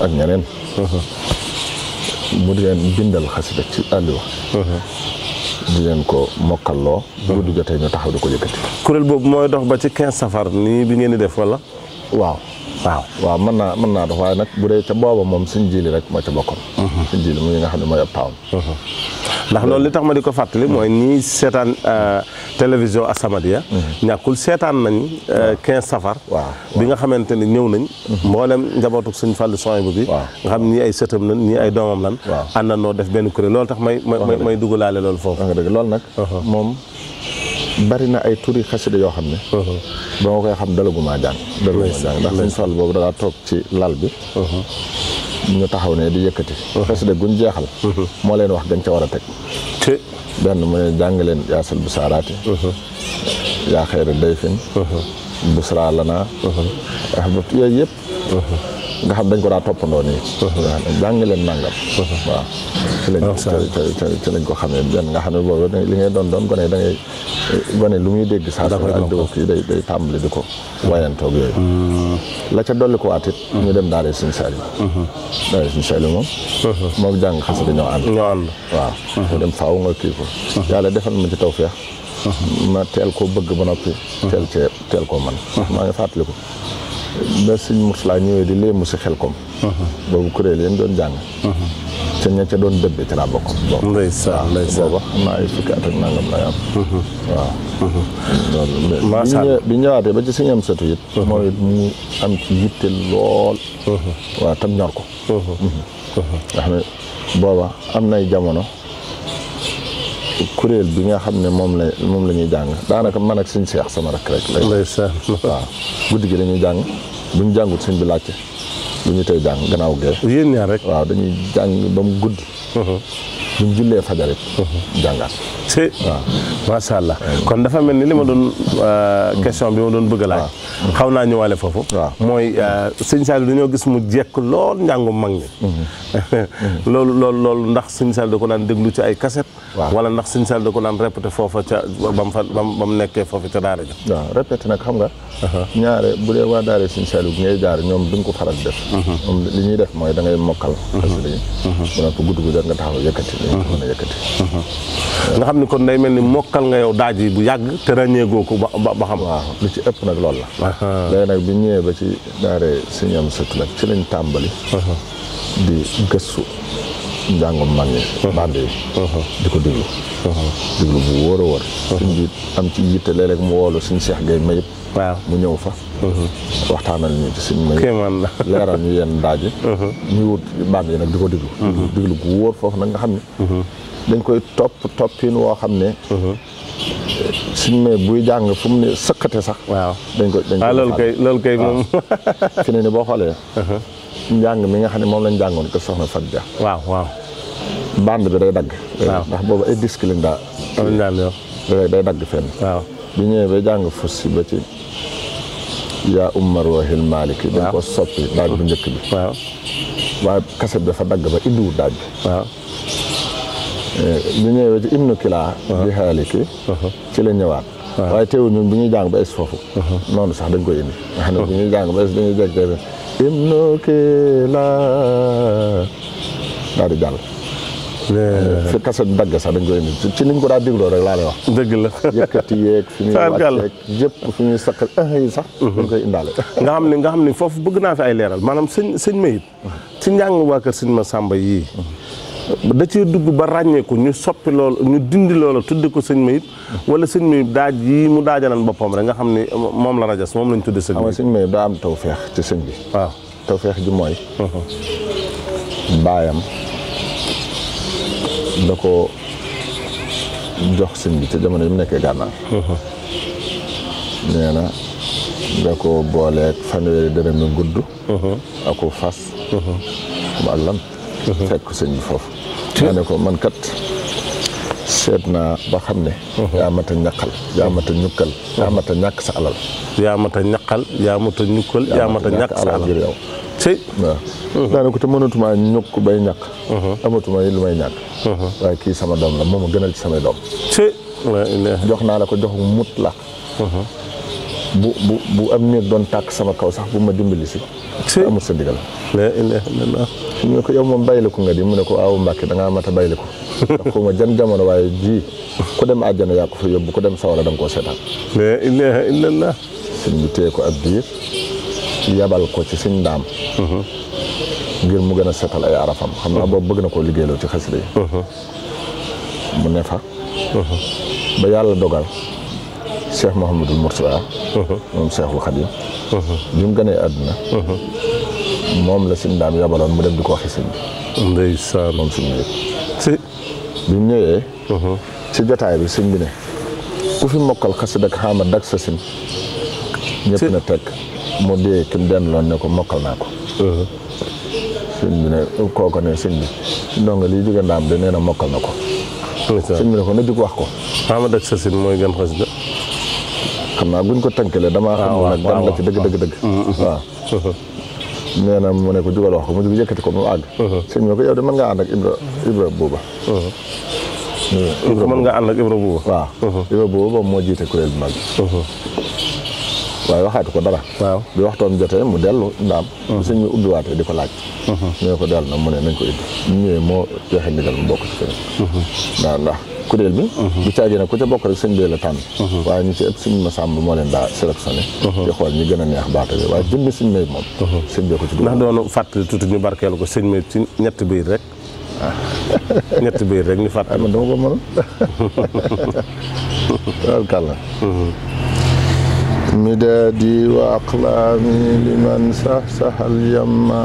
ak ñeneen mu di leen bindal xasida ci àlliwa di leen ko mokkalloo bu du jotee ñu taxaw di ko yëkkati kuréel boobu mooy dox ba ci quinze safar nii bi ngeen di def wala waaw waaw waaw mën naa mën naa dox waaye nag bu dee ca booba moom suñ jili rek moo ca bokkoon uh-huh. suñ jili mu nga xam ne mooy ab paawam uh-huh. ndax loolu li tax ma di ko fàttali mooy ñii seetaan uh, télévision Asamadia uh-huh. ñàkkul seetaan nañ uh, quinze safar bi nga xamante ne ñëw nañ mboolem njabootu suñ fal soñ bu bi nga xam ñii ay sëtam lan ñii ay doomam lan àndandoo def benn kuréel loolu tax may may may dugalaale loolu foofu loolu nag moom bari na ay turi xasida yoo xam ne ba uh-huh. ma koy xam dalagumaa jàng dalagumaa jàng ndax suñ sol boobu dangaa toog ci lal bi uh-huh. ñu taxaw ne di yëkkati uh-huh. xasida guñ jeexal moo leen wax gën ca war a te benn mu ne jàng leen yaasal bu saaraati yaa xayra dayfin busra lana ahbab yooyu yëpp nga xam dañ ko daa toppandoo nii. Uh-huh. jàng leen nangam. Uh-huh. waaw ci lañ ci lañ ko xamee benn nga xam ne boobu li nga doon doon gone da gone lu muy dégg saa ak di ko kii day day tàmbali di ko uh-huh. wayantoog yooyu la ca dolli ko waat it ñu dem daara suñu sali daara suñu sali moom moom jàng xasida ñoo ànd ñoo ànd waaw ñu dem faaw nga kii ko yàlla defal ma ci tawfeex ma teel koo bëgg ba noppi teel cee teel koo man maa ngi fàttaliku ba sëñ Murtala ñëwee di léemu si ko uh-huh. boobu kuréel yéen doon jàng te uh-huh. ña ca doon dëbbe ci laa bokk ndeysaan ndeysaan booba xam naa ay fukki am uh-huh. waaw loolu bi ñëwaatee ba ci sëñ am satu am ci yitte lool waaw tam ñor ko mm-hmm. nga xam ne booba jamono kuréel bi nga xam ne moom la moom la ñuy jàng daanaka man ak suñ seex sama rek rek lay waaw guddi gi dañuy jàng bu ñu jàngut suñ bi laajte bu ñu tey jàng gannaaw gee yéen ñaar rek waaw dañuy jàng ba mu guddi uh-huh. bu ñu jullee fajar uh-huh. jàngaat si macha allah kon dafa mel ni li ma doon uh, question bi ma doon bëgg a xaw naa ñëwaale foofu waaw mooy uh, sëñ Saliou dañoo gis mu jekk lool njàngum mag ñi uh-huh. loolu loolu ndax sëñ Saliou da ko daan déglu ci ay kaset wala ndax sëñ Saliou da ko daan répété foofa ca bam fa bam nekkee foofa ca daara ji waaw répété nag xam nga uh-huh. ñaare bu dee waa daara sëñ Saliou ngay jaar ñoom duñ ko faral def uh-huh. moom li ñuy def mooy dangay mokkal uh-huh. parce que bu gu jot nga taxaw yëkkati li nga xam ni kon day mel ni mokkal nga yow daaj yi bu yàgg te ràññeegoo ko ba xam waaw li ci ëpp nag loolu la léegi nag bi ñëwee ba ci daara sëñ am sëtu nag ci lañ tàmbali di gëstu njàngum mag ñi band di ko déglu déglu bu wóor a wóor suñ bi am ci yitte léeg-léeg mu woolu suñ seex gay may waaw mu ñëw fa waxtaanal ñu ci suñ may leeral ñu yenn daaji ñuy wut band yi nag di ko déglu déglu bu wóor foofu nag nga xam ne dañ koy topp toppin woo xam ne suñ may buy jàng fu mu ne sëqate sax waaw dañ koy dañ koy ah, loolu kay moom fi ne ni boo xoolee uh-huh. njàng mi nga xam ne moom lañ jàngoon ko soxna Fatou Dia. waaw waaw. bande bi day dagg. waaw ndax boobu ay disque lañ daa. lañ daan yor day dagg fenn. waaw bi ñëwee ba jàng fossi ba ci yaa Umar Wahil Maliki. waaw dañ ko soppi daaj bu njëkk bi. waaw waaye kaset bi dafa dagg ba indiwul daaj bi. waaw. Eh, bi ñëwee ci Ibnu Kila. waaw di Xaaliki uh-huh. ci la ñëwaat. waaye teewul ñun bu ñuy jàng ba es foofu. Uh-huh. noonu sax dañ koy indi. nga xam ne bu ñuy jàng ba es dañuy ibnu kila daal di jàll fi kaset bi dagg sax dañ koy indi ci niñ ko daa dégloo rek laa lay wax dëgg la yëkkati yeeg fi muy wàcceeg yëpp fi muy saqal eh, yi sax mhm. dañ koy indaale nga xam ne nga xam ne foofu bëgg naa fi ay leeral maanaam sëñ sëñ mayit ci njàng waa kër sëñ ma sàmba yii mhm. da cee dugg ba ràññeeku ñu soppi loolu ñu dindi loolu tudde ko sëñ Mayib wala sëñ Mayib daaj yi mu daajalan boppam rek nga xam ne moom la rajas moom lañu tudde sëñ Mayib sëñ Mayib daa am tawfeex ci sëñ bi waaw tawfeex ji mooy uh-huh. baayam da ko jox sëñ bi te jamono yi mu nekkee gànnaar uh-huh. nee na da ko booleeg fanweeri dërëm yu gudd uh-huh. ako fas mu ak Mm-hmm. fekk sëñ bi foofu maa ko man kat seet naa ba xam ne mm-hmm. yaa mat a ñaqal yaa mat ñukkal mm-hmm. yaa mat sa alal yaa mat a ñaqal yaa mat a ñukkal yaa mat a sa alal ngir yow sëy ko te mënatumaa ñukk bay ñàkk amatuma yi lu may waaye kii sama doom la moom a gënal ci samay doom sëy jox la ko jox mutlaq bu bu bu am néeg doon tàkk sama kaw sax bu ma dimbali si. amul sa digal. la ilaha illallah. ñu ne ko yow moom bàyyi la ko nga di mu ne ko aawu Mbàkke da ngaa mat a bàyyi la ko. ndax xaw ma jan jamono waaye ji ku dem àjjana yaa ko fa yóbbu ku dem sawara da nga koo seetaan. la ilaha illallah. sëñ bi téye ko ab diir yabal ko ci sëñ ndaam. Uh-huh. ngir mu gën a seetal ay arafam. xam naa uh-huh. boobu bëgg na koo liggéeyloo ci xasida yi. Uh-huh. mu ne fa. ba yàlla dogal. cheikh Mouhamadul Mourtada. Uh-huh. moom cheikhul Xadim. Uh-huh. bi mu gënee àdduna. Uh-huh. moom la suñu daam mu dem di ko waxi sëñ bi. ndeysaan moom suñu yëpp. si mu ñëwee. si jotaay bi sëñ ku fi mokkal xasida ak xaama dag sa ñëpp na teg mu dee kim den loon ne ko mokkal naa ko sëñ bi ne kooko ne sëñ bi ndonga liy ndaam de nee na na ko sëñ bi ne jug wax ko xaama dag sa mooy gën xasida xam naa buñ ko tënkalee damaa ah, xamul nag gan la ci dëgg dëgg dëgg mm-hmm. waaw nee na mu ne ko jugal wax ko mu jug yëkkati ko mu àgg mm-hmm. sëñ bi ko yow de mën ngaa ànd ak Ibra Ibra mm-hmm. nga ànd ak Ibra Bouba waaw Ibra Bouba boobu moo jiite mag waaye waxaatu ko dara waaw bi waxtoon jotee mu dellu ndaam bu sëñ bi ubbiwaatee di ko laaj ñu ko dellu na mu ne ko ubbi ñu ñëwee moo joxe ndigal mu bokk ci keneen ndax kuréel bi du mhm. caagi na ku ca bokk rek sëñ bee la tànn mhm. waaye ñu ci ëpp sëñ Masamba moo leen daa sélectionné mhm. di xool ñi gën a neex baata bi waaye jëmbi sëñ may moom sëñ bee ko ci ndax doonu fàttali tuuti ñu barkeelu ko sëñ may ci ñett biir rek ñett biir rek ñu fàttali man dama ko mënoon loolu kàlla midaadi wa aqlaami liman sax saxal yamma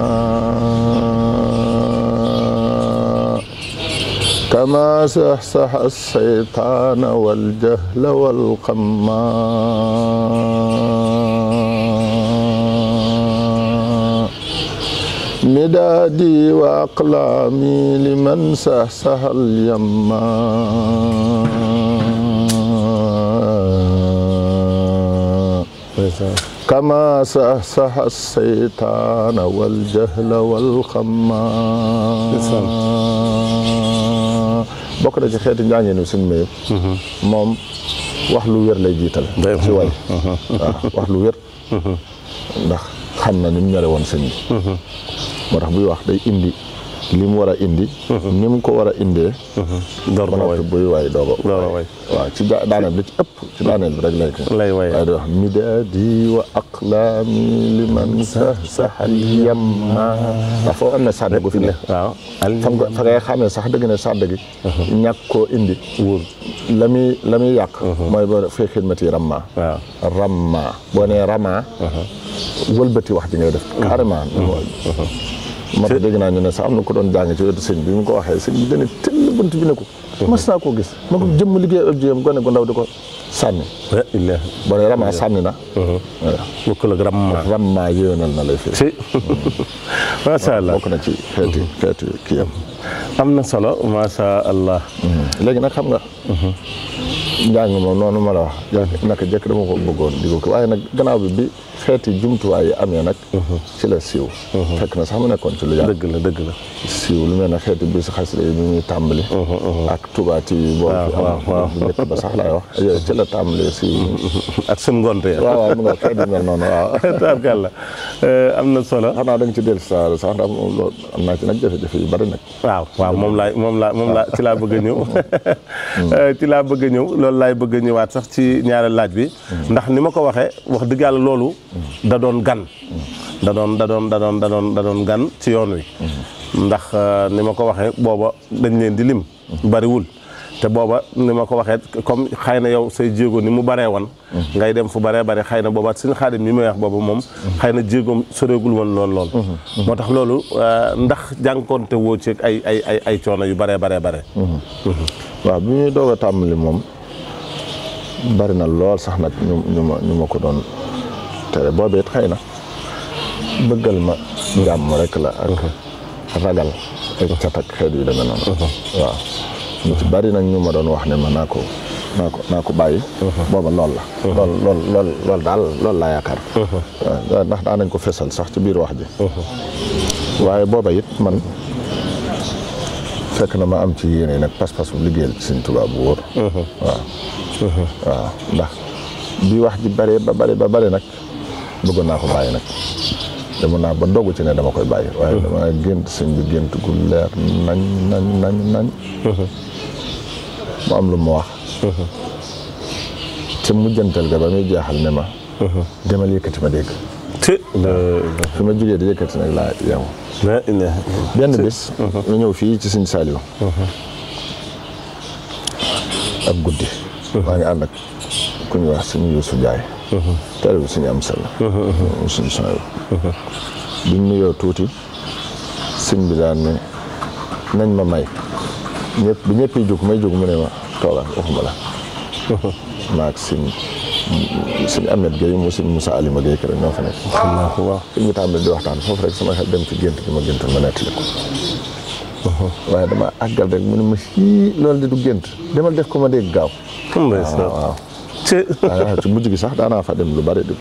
كما زحزح الشيطان والجهل والقماء مدادي وأقلامي لمن زحزح اليماء كما زحزح الشيطان والجهل والقماء bokk na ci xeeti njàngeen suñu ma yëpp moom wax lu weer lay jiital ci way wax lu wér ndax xam na ni mu ñore woon sëñ bi buy wax day indi li mu a indi. Mhm. ni mu ko war a indee. Mhm. door na waay buy waay doo ko. door na waay waaw ci daaneel bi ci ëpp ci daaneel bi rek lay ko. lay waay waaye di wax midaadi wa aqlaami liman sa saxal yamma. waaw foo am na sàdd gu fi ne. waaw xam nga sax dëgg ne sàdd gi. Mhm. ñàkk koo indi. wóor la muy la muy yàq. mooy boo fee xidmati ramma. waaw ramma boo nee ramma. wëlbati wax ji ngay def. carrément. ma tax dégg naa ñu ne sax am na ko doon jàng ci wetu sëñ bi mu ko waxee sëñ bi gën a tëll bunt bi ne ko mas naa koo gis ma ko jëmm liggéey ab jiyam gone gu ndaw de ko sànni illa rama sànni na uh-huh. voilà bokkul ak ramma ramma yéenal na lay firi macha allah na ci xeeti uh-huh. am na solo macha allah mm-hmm. léegi nag xam nga uh-huh. njàng moom noonu ma la wa naka jëkk dama ko bëggoon digal ko waaye nag gannaaw bi bi xeeti jumtuwaay yi amee nag uh-huh. ci la siiw uh-huh. fekk na sax mu nekkoon ci lu yàgg dëgg la dëgg la siiw lu mel ne xeeti bi si xasida yi uh-huh, ak Touba TV boo fi am bu sax la tàmbali siiw ak sun ngonte waaw waaw mu nga xeet yu uh, na solo xanaa da nga ci dellu si sax ndax loolu yu bari nag waaw waaw moom laa moom laa moom bëgg a ñëw mm. uh, ci loolu laay bëgg a ñëwaat sax ci ñaareel laaj bi ndax ni ma ko waxee wax dëgg yàlla loolu da doon gan da doon da doon da gan ci yoon wi ndax euh, ni ma ko waxee booba dañ leen di lim bariwul te booba ni ma ko waxee comme xëy na yow say jéego ni mu baree woon ngay dem fu baree bare xëy na booba suñu xaadim mi may wax booba moom xëy na jéegoom soreegul woon lool lool moo tax loolu euh, ndax jànkonte woo ci ay ay ay ay coono yu baree baree bare waaw bi ñuy doog a tàmbali moom bari na lool sax nag ñu ñu ñu ma ko doon tere boobee it xëy na bëggal ma gàmm rek la ak mhm. ragal ak cat ak xeet yu demee noonu mhm. waaw ñu bari nag ñu ma doon wax ne ma naa ko naa ko naa ko bàyyi mhm. booba lool la lool lool lool lool daal laa yaakaar waaw ndax daa ko fesal sax ci biir wax ji waaye booba it man fekk na ma am ci yéene nag pas-pasu liggéeyal ci Sëñ Tuubaa bu waaw bi wax ji bare ba bare ba bare nag bëggoon naa ko bàyyi nag demoon naa ba dogu ci ne dama koy bàyyi waaye dama gént sëñ gént gu leer nañ nañ nañ nañ am lu ma wax te mu jëntal ga ba muy jaaxal ne ma demal yëkkati ma dégg te ma jógee di yëkkati nag laa yeewu benn bis ñu ñëw fii ci sëñ Saliou ak guddi maa ngi ànd ak ku ñuy wax suñu Yuusu Jaay tari bi suñu am sell suñu sony biñ nuyoo tuuti sëñ bi daan ne nañ ma may ñëpp bi ñëpp yi jóg may jóg mu ne ma toogal waxuma la maag sëñ sëñ Ahmed Gueye mu sëñ Moussa Alima Gueye kër ñoo fa nekk waaw sëñ bi tàmbali di waxtaan foofu rek sama xel dem ci gént gi ma géntal ma nettali ko waaye dama àggal rek mu ne ma xii loolu di du gént demal def ko ma dégg gaaw waaw ci mujj gi sax daana fa dem lu bari di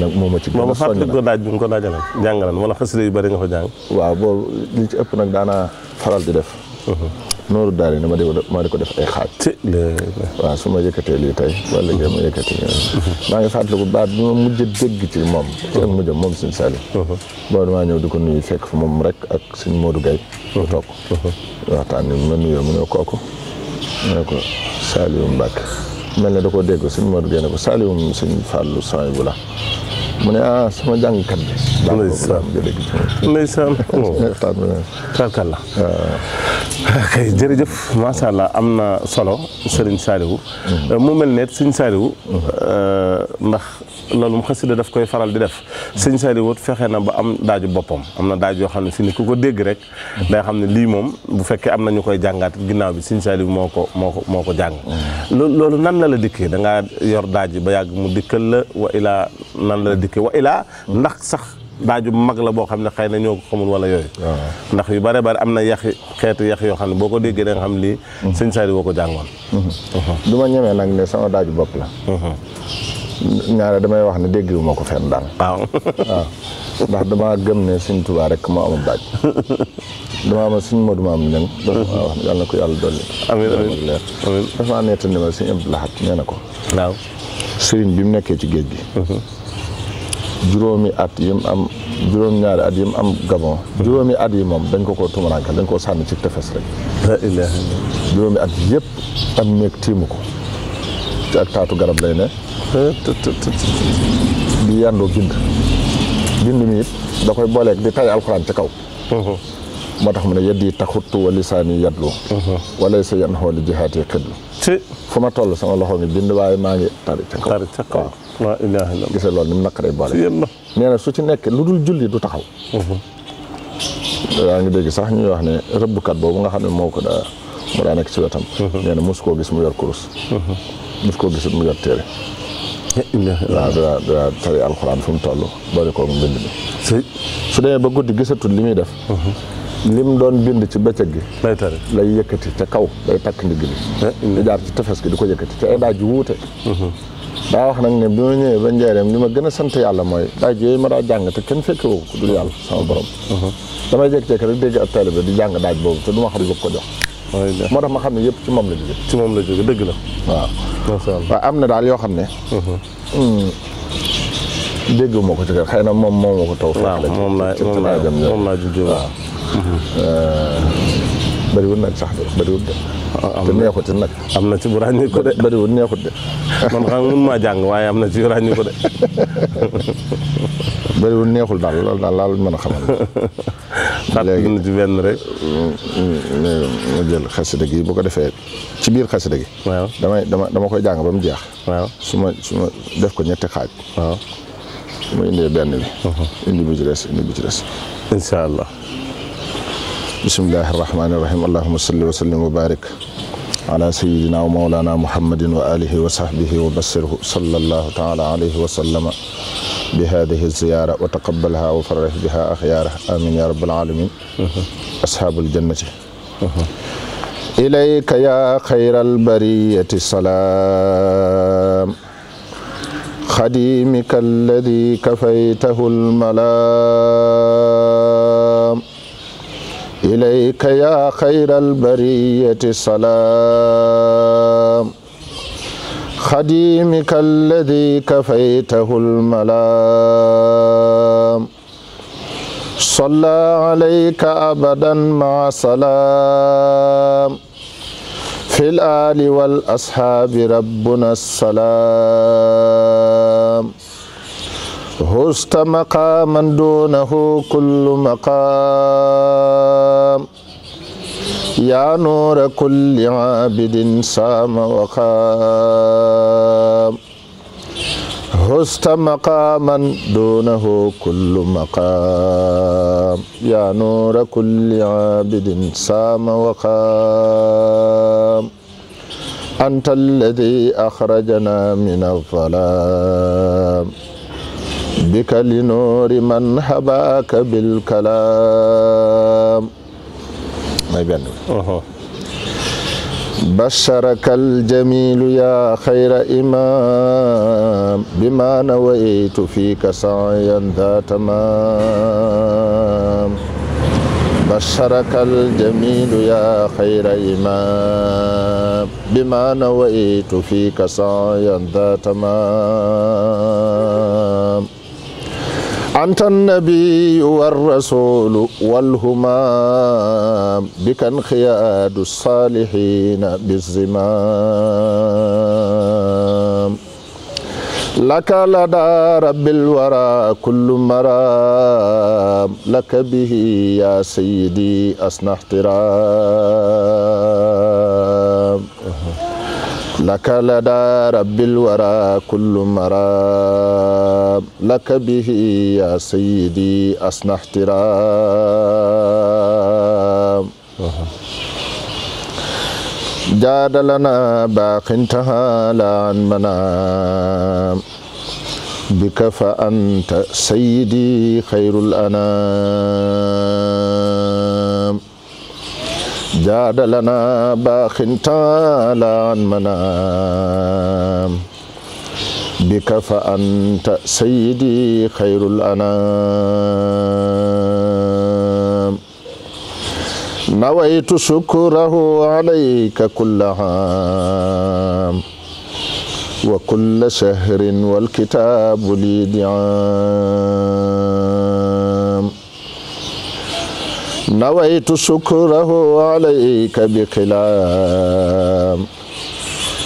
nag moo a ci gën a soññ nag ko daaj bi nga ko daajalan jàngalan wala xasida yu bari nga fa jàng waaw boobu li ci ëpp nag daanaa faral di def mhm. nooru daal yi ma di di ko def ay xaaj waaw suma ma yëkkatee lii tey ba léegi ma yëkkatee maa ngi fàttaliku baat bi ma mujj dégg ci moom ci ak mujjam moom suñ sali boo damaa ñëw di ko nuyu fekk fa moom rek ak suñ Modou Gueye mu mhm. toog mhm. ni ma mu ne kooku mu ne ko Saliou Mbacke mel na da koo dégg suñu Modou Gueye ne ko Saliou suñ Fallou Sany bu la mu ne ah sama jàngkat bi. ndeysaan ndeysaan tarkal la kay jërëjëf macha allah am na solo Serigne Saliou mm-hmm. mu mel ne Serigne Saliou mm-hmm. euh, ndax loolu xasida daf koy faral di def sëñ Saliou wut fexe na ba am daaju boppam am na daaj yoo xam ne si ni ku ko dégg rek day xam ne lii moom bu fekkee am na ñu koy jàngaat ginnaaw bi sëñ Saliou moo ko moo ko moo ko jàng loolu nan la la dikkee da ngaa yor daaj ba yàgg mu dikkal la wa ilaa nan la dikkee wa ilaa ndax sax daaju mag la boo xam ne xëy na ñoo ko wala yooyu ndax yu bare bare am na yaxi xeetu yax yoo xam ne boo ko déggee da nga xam lii mhm. sëñ woo ko jàngoon mhm. Mhm. du ma ñemee nag ne sama daaju bopp la ñaare damay wax ne dégg ma ko fen daal. waaw waaw gëm ne suñ tubaa rek moo amul daaj. damaa ma suñ Modou Maam Ñaŋ. loolu ko yàlla dolli. amiin amiin leer dafa maa nettali ma suñ Abdou Lahad nee ko. waaw sëriñ bi mu nekkee ci géej gi. Mhm. juróomi at yi am juróom ñaari at yi mu am gabon mhm. juróomi at yi moom dañ ko koo tumuraanka dañ koo sànni ci tefes rek. la ilaha at yëpp am néeg tiimu ko. ci ak taatu garab lay ne di yàndoo bind bind mi it da koy booleeg di tay alxuraan ci kaw moo tax mu ne yeddi taxuttu wa lisaani yadlu walay sa yan xooli jihaati xidlu fu ma toll sama loxo mi bind waaye maa ngi tari ca kaw tari ca kaw laa ilaaha illallaah gisee ni mu naqaree boole nee su ci nekk lu dul julli du taxaw yaa ngi dégg sax ñuy wax ne rëbbkat boobu nga xam ne moo ko daa mu nekk ci wetam mhm. nee na mos koo gis mu yor kurus mhm. daf koo gisut mu yor téere waaw dana dana tari alxuraan fu mu toll boole koog mbind bi su demee ba guddi gisatul li muy def uh-huh. lim doon bind ci bëccëg gi lay tari lay yëkkati ca kaw day takk ndigg li eh, di tefes gi di ko yëkkati te ay daaj yu wuute uh-huh. daa wax nag ne bi ma ñëwee ba njeereem li ma gën a sant yàlla mooy daaj yooyu ma daa jàng te kenn fekke ko dul yàlla sama borom uh-huh. damay jékki-jékki rek dégg ab taalibe di jàng daaj boobu te du ma xam lu ko jox moo tax ma xam ne yëpp ci moom la jóge ci moom la jóge dëgg la waaw waaw am na daal yoo xam ne mm-hmm. hmm. déggu ma ko ci kër xëy na moom moo ma ko taw waaw moom laa moom laa juddoo waaw mm-hmm. eh, nag sax de bëriwul de ah, te nag am na ci bu ràññi ko de man xam mun maa jàng waaye am na ci ràññi ko de bëriwul neexul daal loolu daal laal mën a xamal. léegi na ci benn rek. Mm, mm, mm, ma jël xasida gi bu ko defee ci biir xasida gi. waaw damay dama dama koy jàng ba mu jeex. suma su def ko ñetti xaaj. waaw indi indee benn bi. Uh-huh. indi bi ci des indi bi ci des. incha allah. bismillahi rahmaani rahim allahuma salli wa sallim wa barik ala sayidina wa maulana muhammadin wa alihi wa sahbihi wa basirhu sallallahu taala alayhi wa sallama bi hadihi ziyaara wa taqabalha wa farrih biha axyaara amin ya rabbal alamin ashaabul jannati ilayka ya xayral bariyati salaam xadimika alladi kafaytahu almalaam ilayka ya xayral bariyati salaam خديمك الذي كفيته الملام صلى عليك أبدا مع سلام في الآل والأصحاب ربنا السلام هست مقاما دونه كل مقام يا نور كل عابد سام وقام هست مقاما دونه كل مقام يا نور كل عابد سام وقام أنت الذي أخرجنا من الظلام بك لنور من هباك بالكلام mooy benn بشرك الجميل يا خير إمام بما نويت فيك سعيا ذا تمام بشرك الجميل يا خير إمام بما نويت فيك سعيا ذا تمام أنت النبي والرسول والهمام بك انخياد الصالحين بالزمام لك لدى رب الورى كل مرام لك به يا سيدي أصنع احترام لك لدى رب الورى كل مرام لك به يا سيدي أصنع احترام جاد لنا باق تعالى عن منام بك فأنت سيدي خير الأنام جاد لنا باخ تعالى عن منام بك فأنت سيدي خير الأنام نويت شكره عليك كل عام وكل شهر والكتاب لي دعام نويت شكره عليك بكلام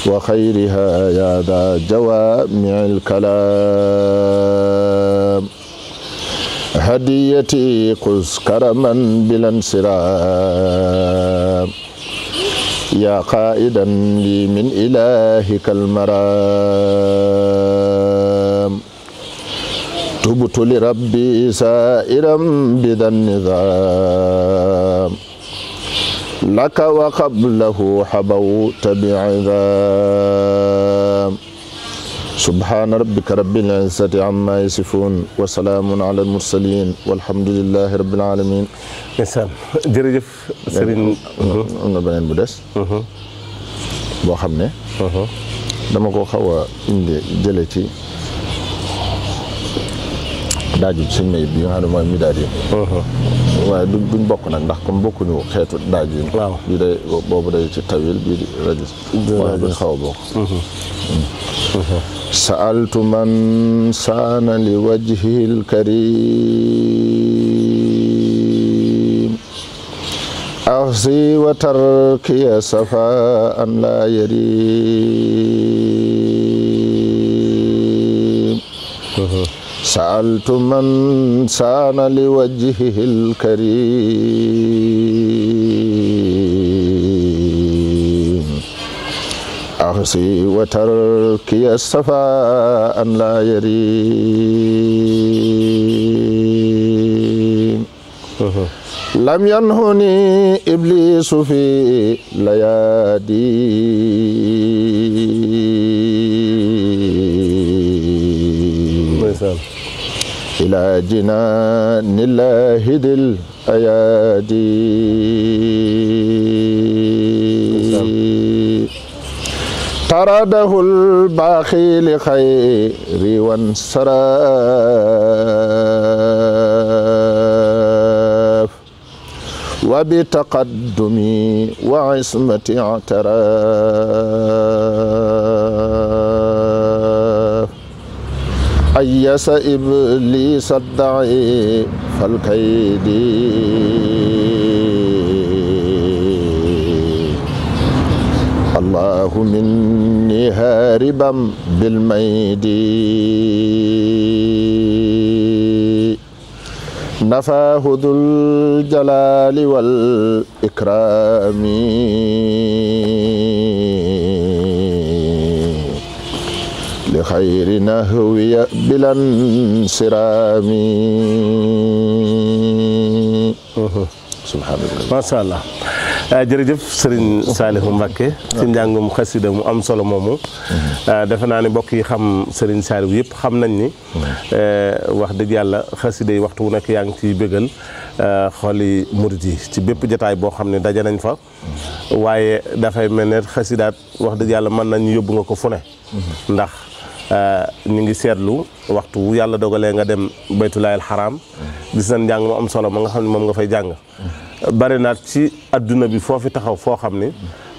وخيرها يا ذا جوامع الكلام هديتي قس كرما بلا انسرام يا قائدا لي من إلهك المرام تبت لربي سائرا بذا النظام لك وقبله حبوت بعظام سبحان ربك رب العزة عما يصفون وسلام على المرسلين والحمد لله رب العالمين ndeysaan jërëjëf sëriñ am na beneen bu des boo xam ne dama ko xaw a indi jële ci daaju suñ may bi nga xam ne mooy midaat yi uh-huh. waaye duñ duñ bokk nag ndax comme bi xeetu daaj yi waaw bii day boobu day ci tawil bii di rajus a uh-huh. Hmm. Uh-huh. sa'altu man saana li karim axsi wa tarkiya safa an la yarim sa'altu man saana li wajhihi al-karim axsi wa tarkiya safa an la yarim lam yanhuni iblisu fi layadi إلى جنان الله ذي الأيادي طرده الباخي لخير وانصراف وبتقدمي وعصمة اعتراف أيس إبليس الدعي فالكيد الله مني هاربا بالميد نفاه ذو الجلال والإكرام لخير نهوي بلا انصرام subhanallah macha allah jërëjëf sëriñ Saliou Mbacké ci njàngum xasida mu am solo moomu defe naa ni mbokk yi xam Serigne Saliou yëpp xam nañ ni wax dëgg yàlla xasida yi waxtu wu nekk yaa ngi ciy bégal xooli murit yi ci bépp jataay boo xam ne daje nañ fa waaye dafay mel ne xasidaat wax dëgg yàlla mën nañ yóbbu nga ko fu ne ndax ñu ngi seetlu waxtu wu yàlla dogalee nga dem baytulaayal xaraam gis nañ njàng mu am solo ma nga xam ne moom nga fay jàng bari naat ci adduna bi foo fi taxaw foo xam ni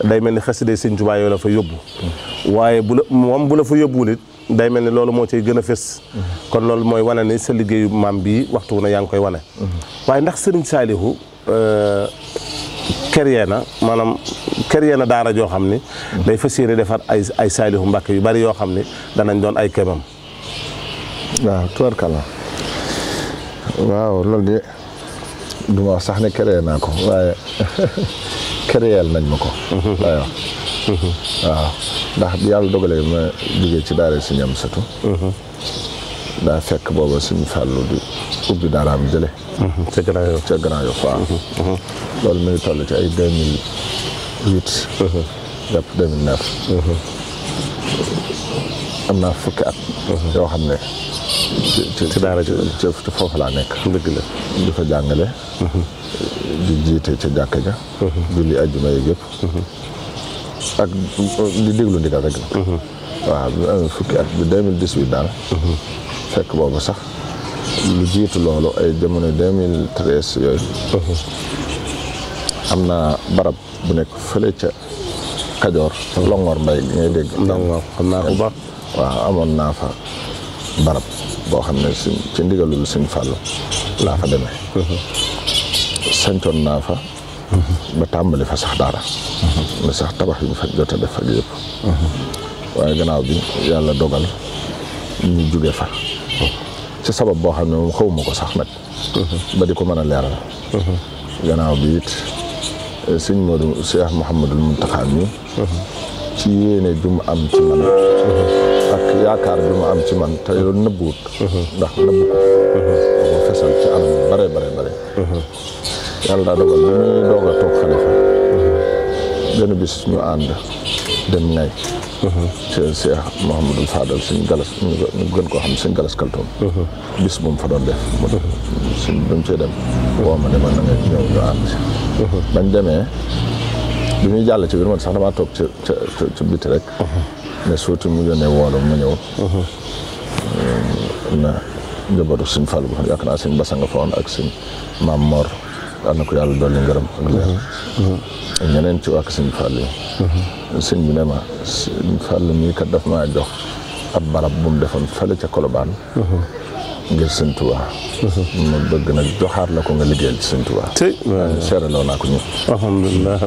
day mel ni xasida sëñ Tuubaa yooyu la fa yóbbu waaye bu la moom bu la fa yóbbuwul it day mel ni loolu moo cay gën a fes kon loolu mooy wane ni sa liggéeyu maam bi waxtu na yaa ngi koy wane waaye ndax sëriñ Saalihu créé na maanaam créé na daara joo xam ni day fas yéene defar ay ay saalihu mbàkke yu bari yoo xam ni danañ doon ay kemam waaw tubarkalla waaw loolu de du sax ne créé naa ko waaye créé nañ ma ko waaw ndax yàlla dogalee ma jógee ci daara si ñam satu mhm. daa fekk booba suñu fàllu di ubbi am jële mhm, ca Grand Yoff ca mhm, mhm. loolu mu toll ci ay deux mille huit jàpp naa fukki at yoo xam ne ci daara ci foofu laa nekk dëgg la di fa jàngale di jiite ca jàkk ja julli ajjuma yeeg yëpp di déglu ndigal rek waaw fukki at bi deux mil dix-huit daal fekk boobu sax lu jiitu loolu ay jamono 2013 yooyu am na barab bu nekk fële ca Kajoor Longoor Mbay ngay dégg xam naa ko baax waaw amoon naa fa barab boo xam ne suñ ci ndigalul suñ fàllu laa fa demee sancoon naa fa ba tàmbali fa sax dara ne sax tabax yi ñu fa jot a def ak yëpp waaye gannaaw bi yàlla dogal ñu jóge fa ci sabab boo xam ne moom xaw ma ko sax nag. ba di ko mën a leeral. gannaaw bi it eh, sëñ Modou Cheikh Mouhamadul Mountakha ci yéene bi am ci man. ak yaakaar bi am ci man te loolu nëbbuwut. ndax nëbbu ko. dafa fesal ci anam bare bare bare. yàlla daa dogal ñu ànd dem ngay. Cheikh Cheikh Mouhamadou Fadal suñ galas ñu gën koo xam suñ galas kaltoom bis bu mu fa doon def mu suñ bi mu see ne ma na nga ñëw ñu ànd bañ demee bi jàll ci biir man sax damaa toog ca ca rek ne suuti mu yónnee woolu ma ñëw na njabootu suñ Fallu yaakaar naa suñ Basa nga fa woon ak suñ Maam Mor am na ko yàlla dolli ngërëm ak leer ñeneen ci wàkk sëñ Fall yi sëñ bi ne ma sëñ Fall mii kat daf maa jox ab barab bu mu defoon fële ca Kolobaan ngir sëñ Tuubaa ma bëgg nag joxaat la ko nga liggéeyal ci sëñ Tuubaa seeraloo naa ko ñëpp alhamdulilah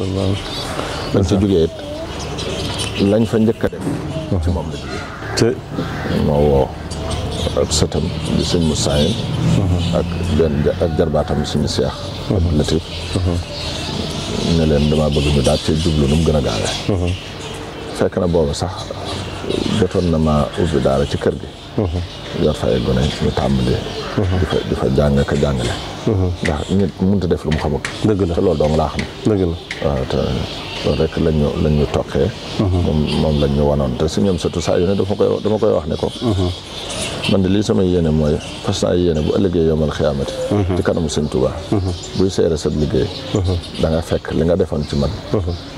dañ ci jógee it lañ fa njëkk a def ci moom ab sëtam di sëñ Moussa ak benn ak jarbaatam suñu seex Abdou Latif ne leen damaa bëgg ñu daal ci jublu nu gën a gaawee fekk na boobu sax jotoon na ma ubbi daara ci kër gi yor fay gone ñu tàmbali di fa di fa jàng ka jàngale ndax nit mënut def lu mu xamul dëgg la te loolu dong laa xam dëgg loolu rek lañ ñu lañ ñu toqee mhm. moom moom lañ ñu wanoon te si ñoom sa saa yu ne dama koy koy wax ne ko man de lii sama yéene mooy fas naa bu ëllëgee yomal xiyaamati mhm. ci kanamu sëñ Tuubaa mhm. buy seere sa liggéey mhm. da nga fekk li nga defoon ci man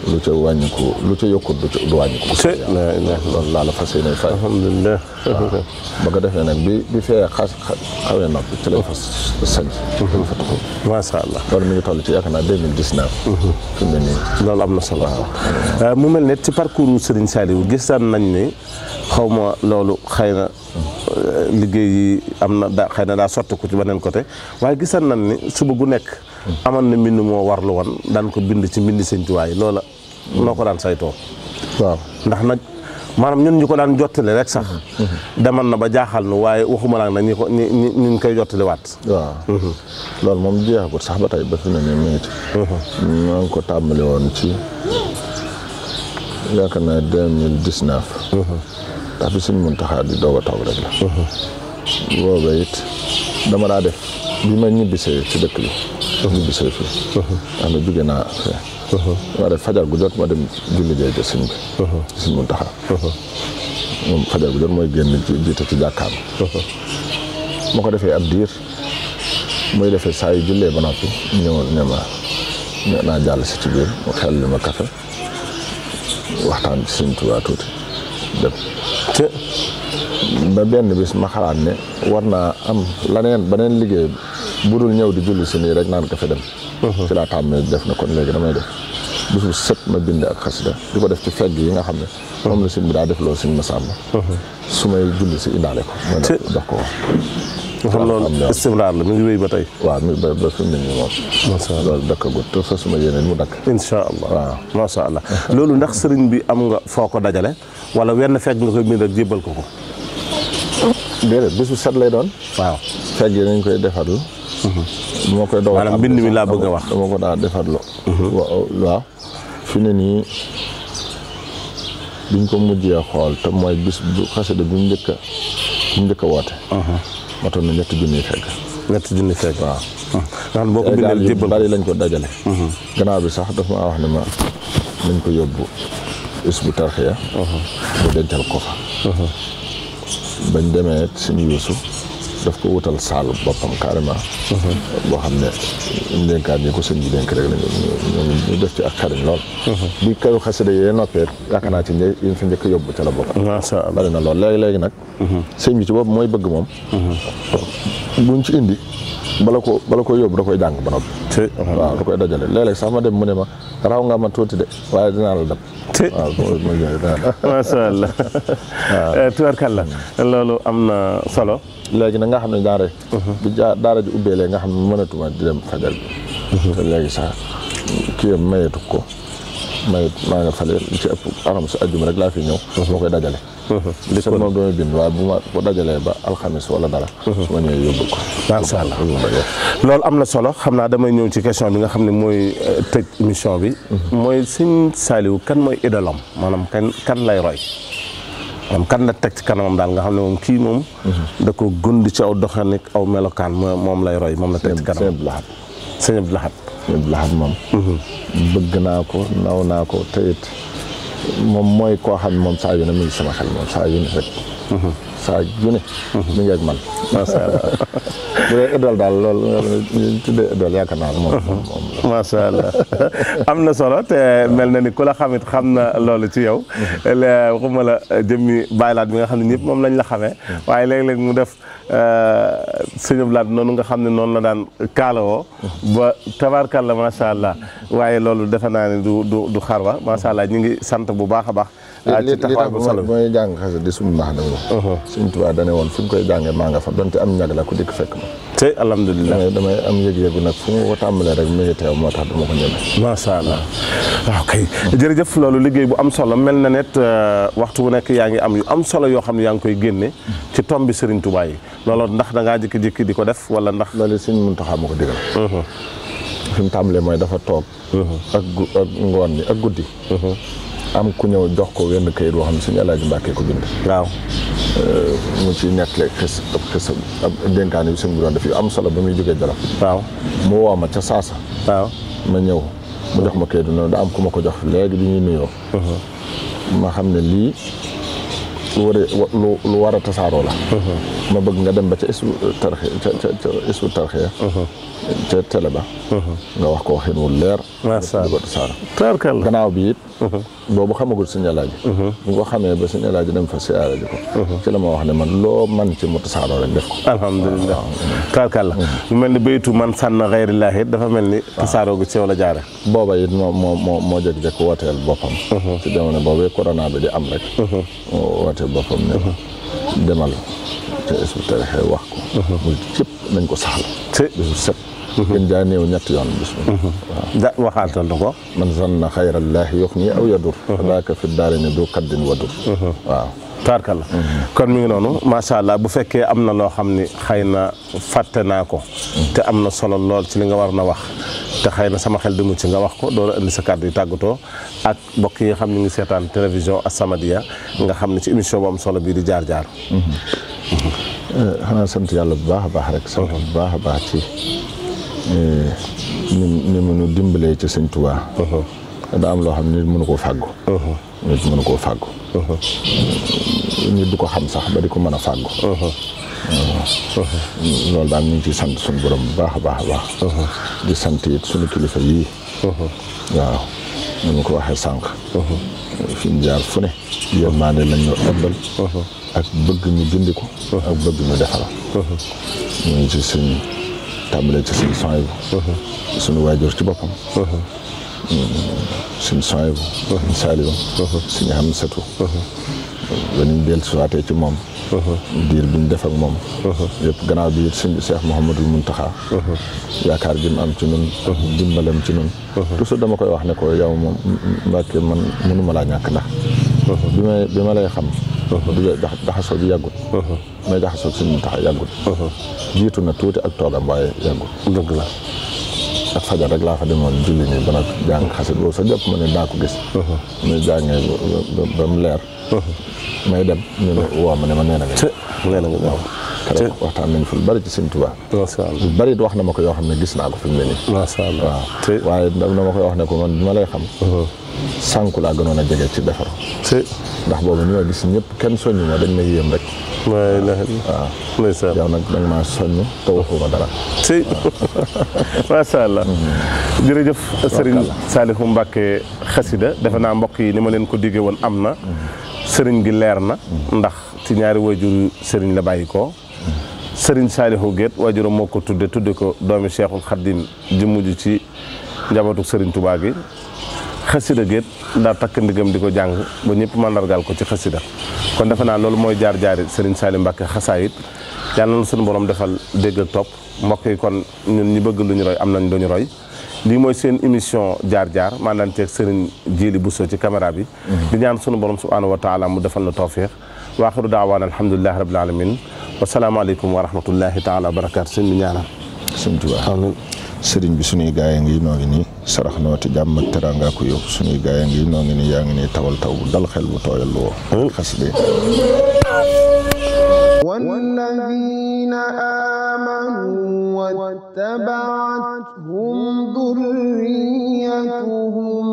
lu ca wàññiku lu ci yokkut du wàññiku loolu laa la fas yéene fay alhamdulilah ko defee nag bi bi fee xas xawee noppi ci lañ fas sañ loolu mi ngi toll ci yaakaar naa deux mille dix neuf nii loolu am na solo euh, mu mel ne ci parcours Serigne Saliou gisaan nañ ni xaw ma loolu xay na liggéey yi am na da xëy na daa sotti ko ci beneen côté waaye gisan nañ ni suba gu nekk. amoon na mbind moo warlu woon daan ko bind ci mbind Sëñ Tuubaa yi loola. noo ko daan saytoo. waaw ndax nag maanaam ñun ñu ko daan jottale rek sax. demal na ba jaaxal nu waaye waxuma la nag ko ñi ñi koy jottaliwaat. waaw. Mhm. loolu moom ko sax ba tey ba fi ne nii mu mhm. ngi ci. ko tàmbali woon ci yaakaar naa deux mille ndax bi suñ mun di doog a toog rek la uh-huh. def bi ma ñibbisee ci dëkk bi ñibbisee fii uh-huh. am na jóge naa fee uh-huh. ma def fajar gu jot ma dem julli jee jë suñ moom fajar gu mooy génn ci ci jàkkaam moo ko defee ab diir muy defee saa yu jullee ba noppi ñëwal ne ma naa jàll si ci biir mu xel li ma kafe waxtaan ci suñ tubaa tuuti def te ba benn bis ma xalaat ne war naa am laneen beneen liggéey bu dul ñëw di julli si nii rek naan ko fi dem mhm. ci laa def na kon léegi may def bisu sët ma bind ak xasida di ko def ci fegg yi nga xam ne moom la mhm. sëñ bi daa def loolu sëñ ma mhm. su may julli si indaale ko ma def ko wax nga xam loolu istimraar la mi ngi wéy ba tey waaw mi ba ba fi mu ne nii moom sa suma yéneen mu dakk incha allah waaw macha allah loolu ndax sëriñ bi am foo ko dajale wala wenn fekk nga ko ko set lay doon waaw fekk yi nañ koy defarlu mhm. moo koy dogal maanaam mbind mi laa bëgg a wax dama ko daa defarlu mhm. waaw fi ne nii buñ ko mujjee xool te mooy bis bu xasida bi mu njëkk a bi woote mhm. matoon na ñetti junniy fegg. ñetti junniy fegg waaw. Ah. nga xam boo ko bindee jébbal bari lañ ko dajale. Mhm. gannaaw bi sax dafa maa wax ne ma nañ ko yóbbu isbu tarxiya. Mhm. mu dencal ko fa. Mhm. bañ demee suñu Yuusuf. daf ko wutal saalu boppam carrément. boo xam ne ñu dénkaat ñi ko sëñ bi dénk rek la ñu ñu def ci ak xariñ lool. bi këru xasida yee noppee yaakaar naa ci ñoom yéen fi njëkk yóbbu ca la bokk. macha allah bari na lool léegi léegi nag. sëñ bi ci bopp mooy bëgg moom. buñ ci indi. bala ko bala ko yóbbu da koy jàng ba noppi waaw da koy dajale léeg-léeg sax ma dem mu ne ma raw nga ma tuuti de waaye dinaa la dab waaw macha allah tubarkalla loolu am na solo léegi nag nga xam ne daara bi mhm. daara ji ubbee léegi nga xam ne mënatuma di dem fajal bi mhm. te léegi sax kii mayetu ko mayet maa ci ëpp aram si ajjuma rek laa fi ñëw ma mhm. koy dajale li ko moom dama bind waaye bu ma bu dajalee ba alxamis wala dara su ma ñëwee loolu am na solo xam naa damay ñëw ci question bi nga xam ne mooy euh, tëj mission bi mhm. mooy sëñ Saliou kan mooy idolam maanaam kan kan lay roy maanaam kan la teg ci kanamam daal nga xam ne moom kii moom mhm. da ko gund ci aw doxanik aw melokaan moom lay roy moom na teg ci kanamam sëñ Abdou Lahad moom mhm. bëgg naa ko naw naa ko te it moom mooy koo xam ne moom saa yu ne mi ngi sama xel moom saa yu ne rek. Mhm. saa ju ne. Mhm. mu ngi ak allah yaakaar naa moom mhm. moom allah am na solo te mel na ni ku la xamit xam na loolu ci yow. Mhm. waxuma la euh, jëmmi baylaat bi nga xam ne ñëpp moom lañ la xamee. waaye léeg-léeg mu def euh, sëñ Ablaat noonu nga xam ne noonu la daan kaalawoo. ba tabaarkalla macha allah waaye loolu defe naa ne du du du xarwa macha allah ñu ngi sant bu baax a baax. li tax mooy jàng xase di suñu mbaax dama suñ tubaab dane woon fi mu koy jànge maa nga fa donte am ñag la ku dikk fekk ma tey alhamdulilah damay am yëg-yëgu nag fu mu tàmbalee rek mu moo tax dama ko ñeme macha allah waaw ah, jërëjëf loolu liggéey bu am solo mel na net euh, waxtu bu nekk yaa ngi am yu am solo yoo xam ne yaa ngi koy génne ci tombi Serigne Touba yi loolu ndax da ngaa jékki-jékki di ko def wala ndax loolu suñ mun taxaa ma ko digal fi mu tàmbalee mooy dafa toog ak ak ngoon ni ak guddi am ku ñëw jox ko wenn kayit boo xam ne suñu Alaaji Mbàkke ko bind waaw mu ci nettali xis ab xis bi suñu bu am solo ba muy jógee Jolof waaw mu woo ma ca saasa ma ñëw mu jox ma kayit bi noonu am ku ma ko jox léegi bi ñuy nuyoo uh-huh. ma xam ne lii lu war lu war a tasaaroo la uh-huh. ma bëgg nga dem ba ca isu tarxe ca isu uh-huh. ba nga wax ko waxin wu leer di ko tasaaroo gannaaw bi boobu xamagul sëñ alaaji bu ko xamee ba sëñ alaaji dem fa siyaare ji ko ci la ma wax ne man loo man ci mu tasaaroo rek def ko alhamdulilah tarkalla mm-hmm. lu mel ni baytu man sànn xayrillaahi dafa mel ni tasaaroo gu ci yow la jaare booba it moo moo moo moo jëkk-jëkk wooteel boppam mm-hmm. ci jamono boobu corona bi am rek mm-hmm. wooteel boppam ne demal te isu tarixee wax ko mu cëpp nañ ko saxal bisu set gën jaa néew ñetti yoon bismillah mhm. da waxaatal na ko man zanna xayrallaahi yox nii aw yadur fadaaka mhm. fi daarini du kaddin wadur mhm. waaw taarkal kon mi ngi noonu macha allah bu fekkee am na loo xam ni xëy na fàtte naa ko te am na solo lool ci li nga war na wax te xëy na sama xel demul ci nga wax ko door a indi sa kàddu yu tàggatoo ak mbokk yi xam ne ñu ngi seetaan télévision As-Samadiyya nga xam ne ci émission bu solo bii di jaar jaar eh, xanaa sant yàlla bu baax a baax rek sant bu baax a baax ni ni mu nu ci sëñ Tuubaa uh-huh. daa am loo xam ne nit mënu koo fàggu uh-huh. nit mënu koo fàggu uh-huh. nit du ko xam sax ba di ko mën a fàggu loolu daal ñu ngi ciy sant suñu borom bu baax a baax a baax di sant it suñu kilifa yii waaw ni mu ko waxee sànq fi ñu jaar fu ne yërmande lañ ñu ëmbal ak bëgg ñu gindi ko ak bëgg ñu defal ñu ngi ci suñ tàmbalee ci suñu sang yi suñu waajur ci boppam suñu sang yi suñu saaliba suñu xam satu ba ñu del suwaatee ci moom uh-huh. diir bi def ak moom uh-huh. yëpp gannaaw bi it suñu Cheikh Mouhamadul Mountakha uh-huh. yaakaar gi am ci ñun dimbalam ci ñun toujours dama koy wax ne ko yow moom Mbàkke man mënuma laa ñàkk ndax bi may bi ma lay xam jaxasoo ji yàggul uh-huh. mais jaxasoo suñu mu tax yàggul uh-huh. jiitu na tuuti ak toogam waaye yàggul dëgg la ak fajar rek laa fa demoon julli nii ba nag jàng xasit boobu sa jàpp ma ne daa ko gis uh-huh. ñu jàngee ba mu leer may dem ñu ne woo ma ne ma nee na nga nee na nga waaw nañ fi lu bari ci Sëñ Tuubaa bari wax na ma yoo xam ne gis naa ko fi mu ne nii macha allah waaw waaye dama ma koy wax ne ko man bi ma lay xam sànku laa gënoon a jege ci defar ndax boobu ñu ma gis ñëpp kenn soññ ma dañ ma yéem rek. waaw ah. waaw yow nag da nga maa soññ te waxuma dara. si ah. macha allah. Mm. jërëjëf Serigne Saliou Mbacke xasida defe naa mbokk yi ni ma leen ko diggee woon am na. Mm. sëriñ gi leer na. Mm. ndax ci ñaari wajur sëriñ la bàyyi ko. Serigne Saliou Guèye wajuram moo ko tudde tudde ko doomi Cheikhul Khadim ji ci njabootu sëriñ Touba gi. xasida géet ndaa takk ndigam di ko jàng ba ñëpp mandargaal ko ci xasida kon defe naa loolu mooy jaar jaari Serigne saali Mbacke xasaayit yàlla na suñu borom defal dégg ak topp mbokk yi kon ñun ñi bëgg lu ñu roy am nañ lu ñu roy lii mooy seen émission jaar jaar maanaam teeg Serigne Djily Bousso ci caméra bi mhm. di ñaan sunu borom subhanahu wa taala mu defal na tawfiix waaxiru daawaan alhamdulilahi rabil alamin wasalaamaaleykum wa rahmatullahi taala wa barakatu seen mi ñaanal sëñ Tuubaa sëriñ bi suñuy gaay yi ngi noo ngi nii sarax noo te jàmm ak teraanga ko yóbbu suñuy gaay yaa ngi nii tawal bu dal xel bu tooyal lu woo xas de والذين آمنوا واتبعتهم ذريتهم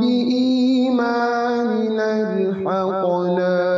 بإيمان الحقنا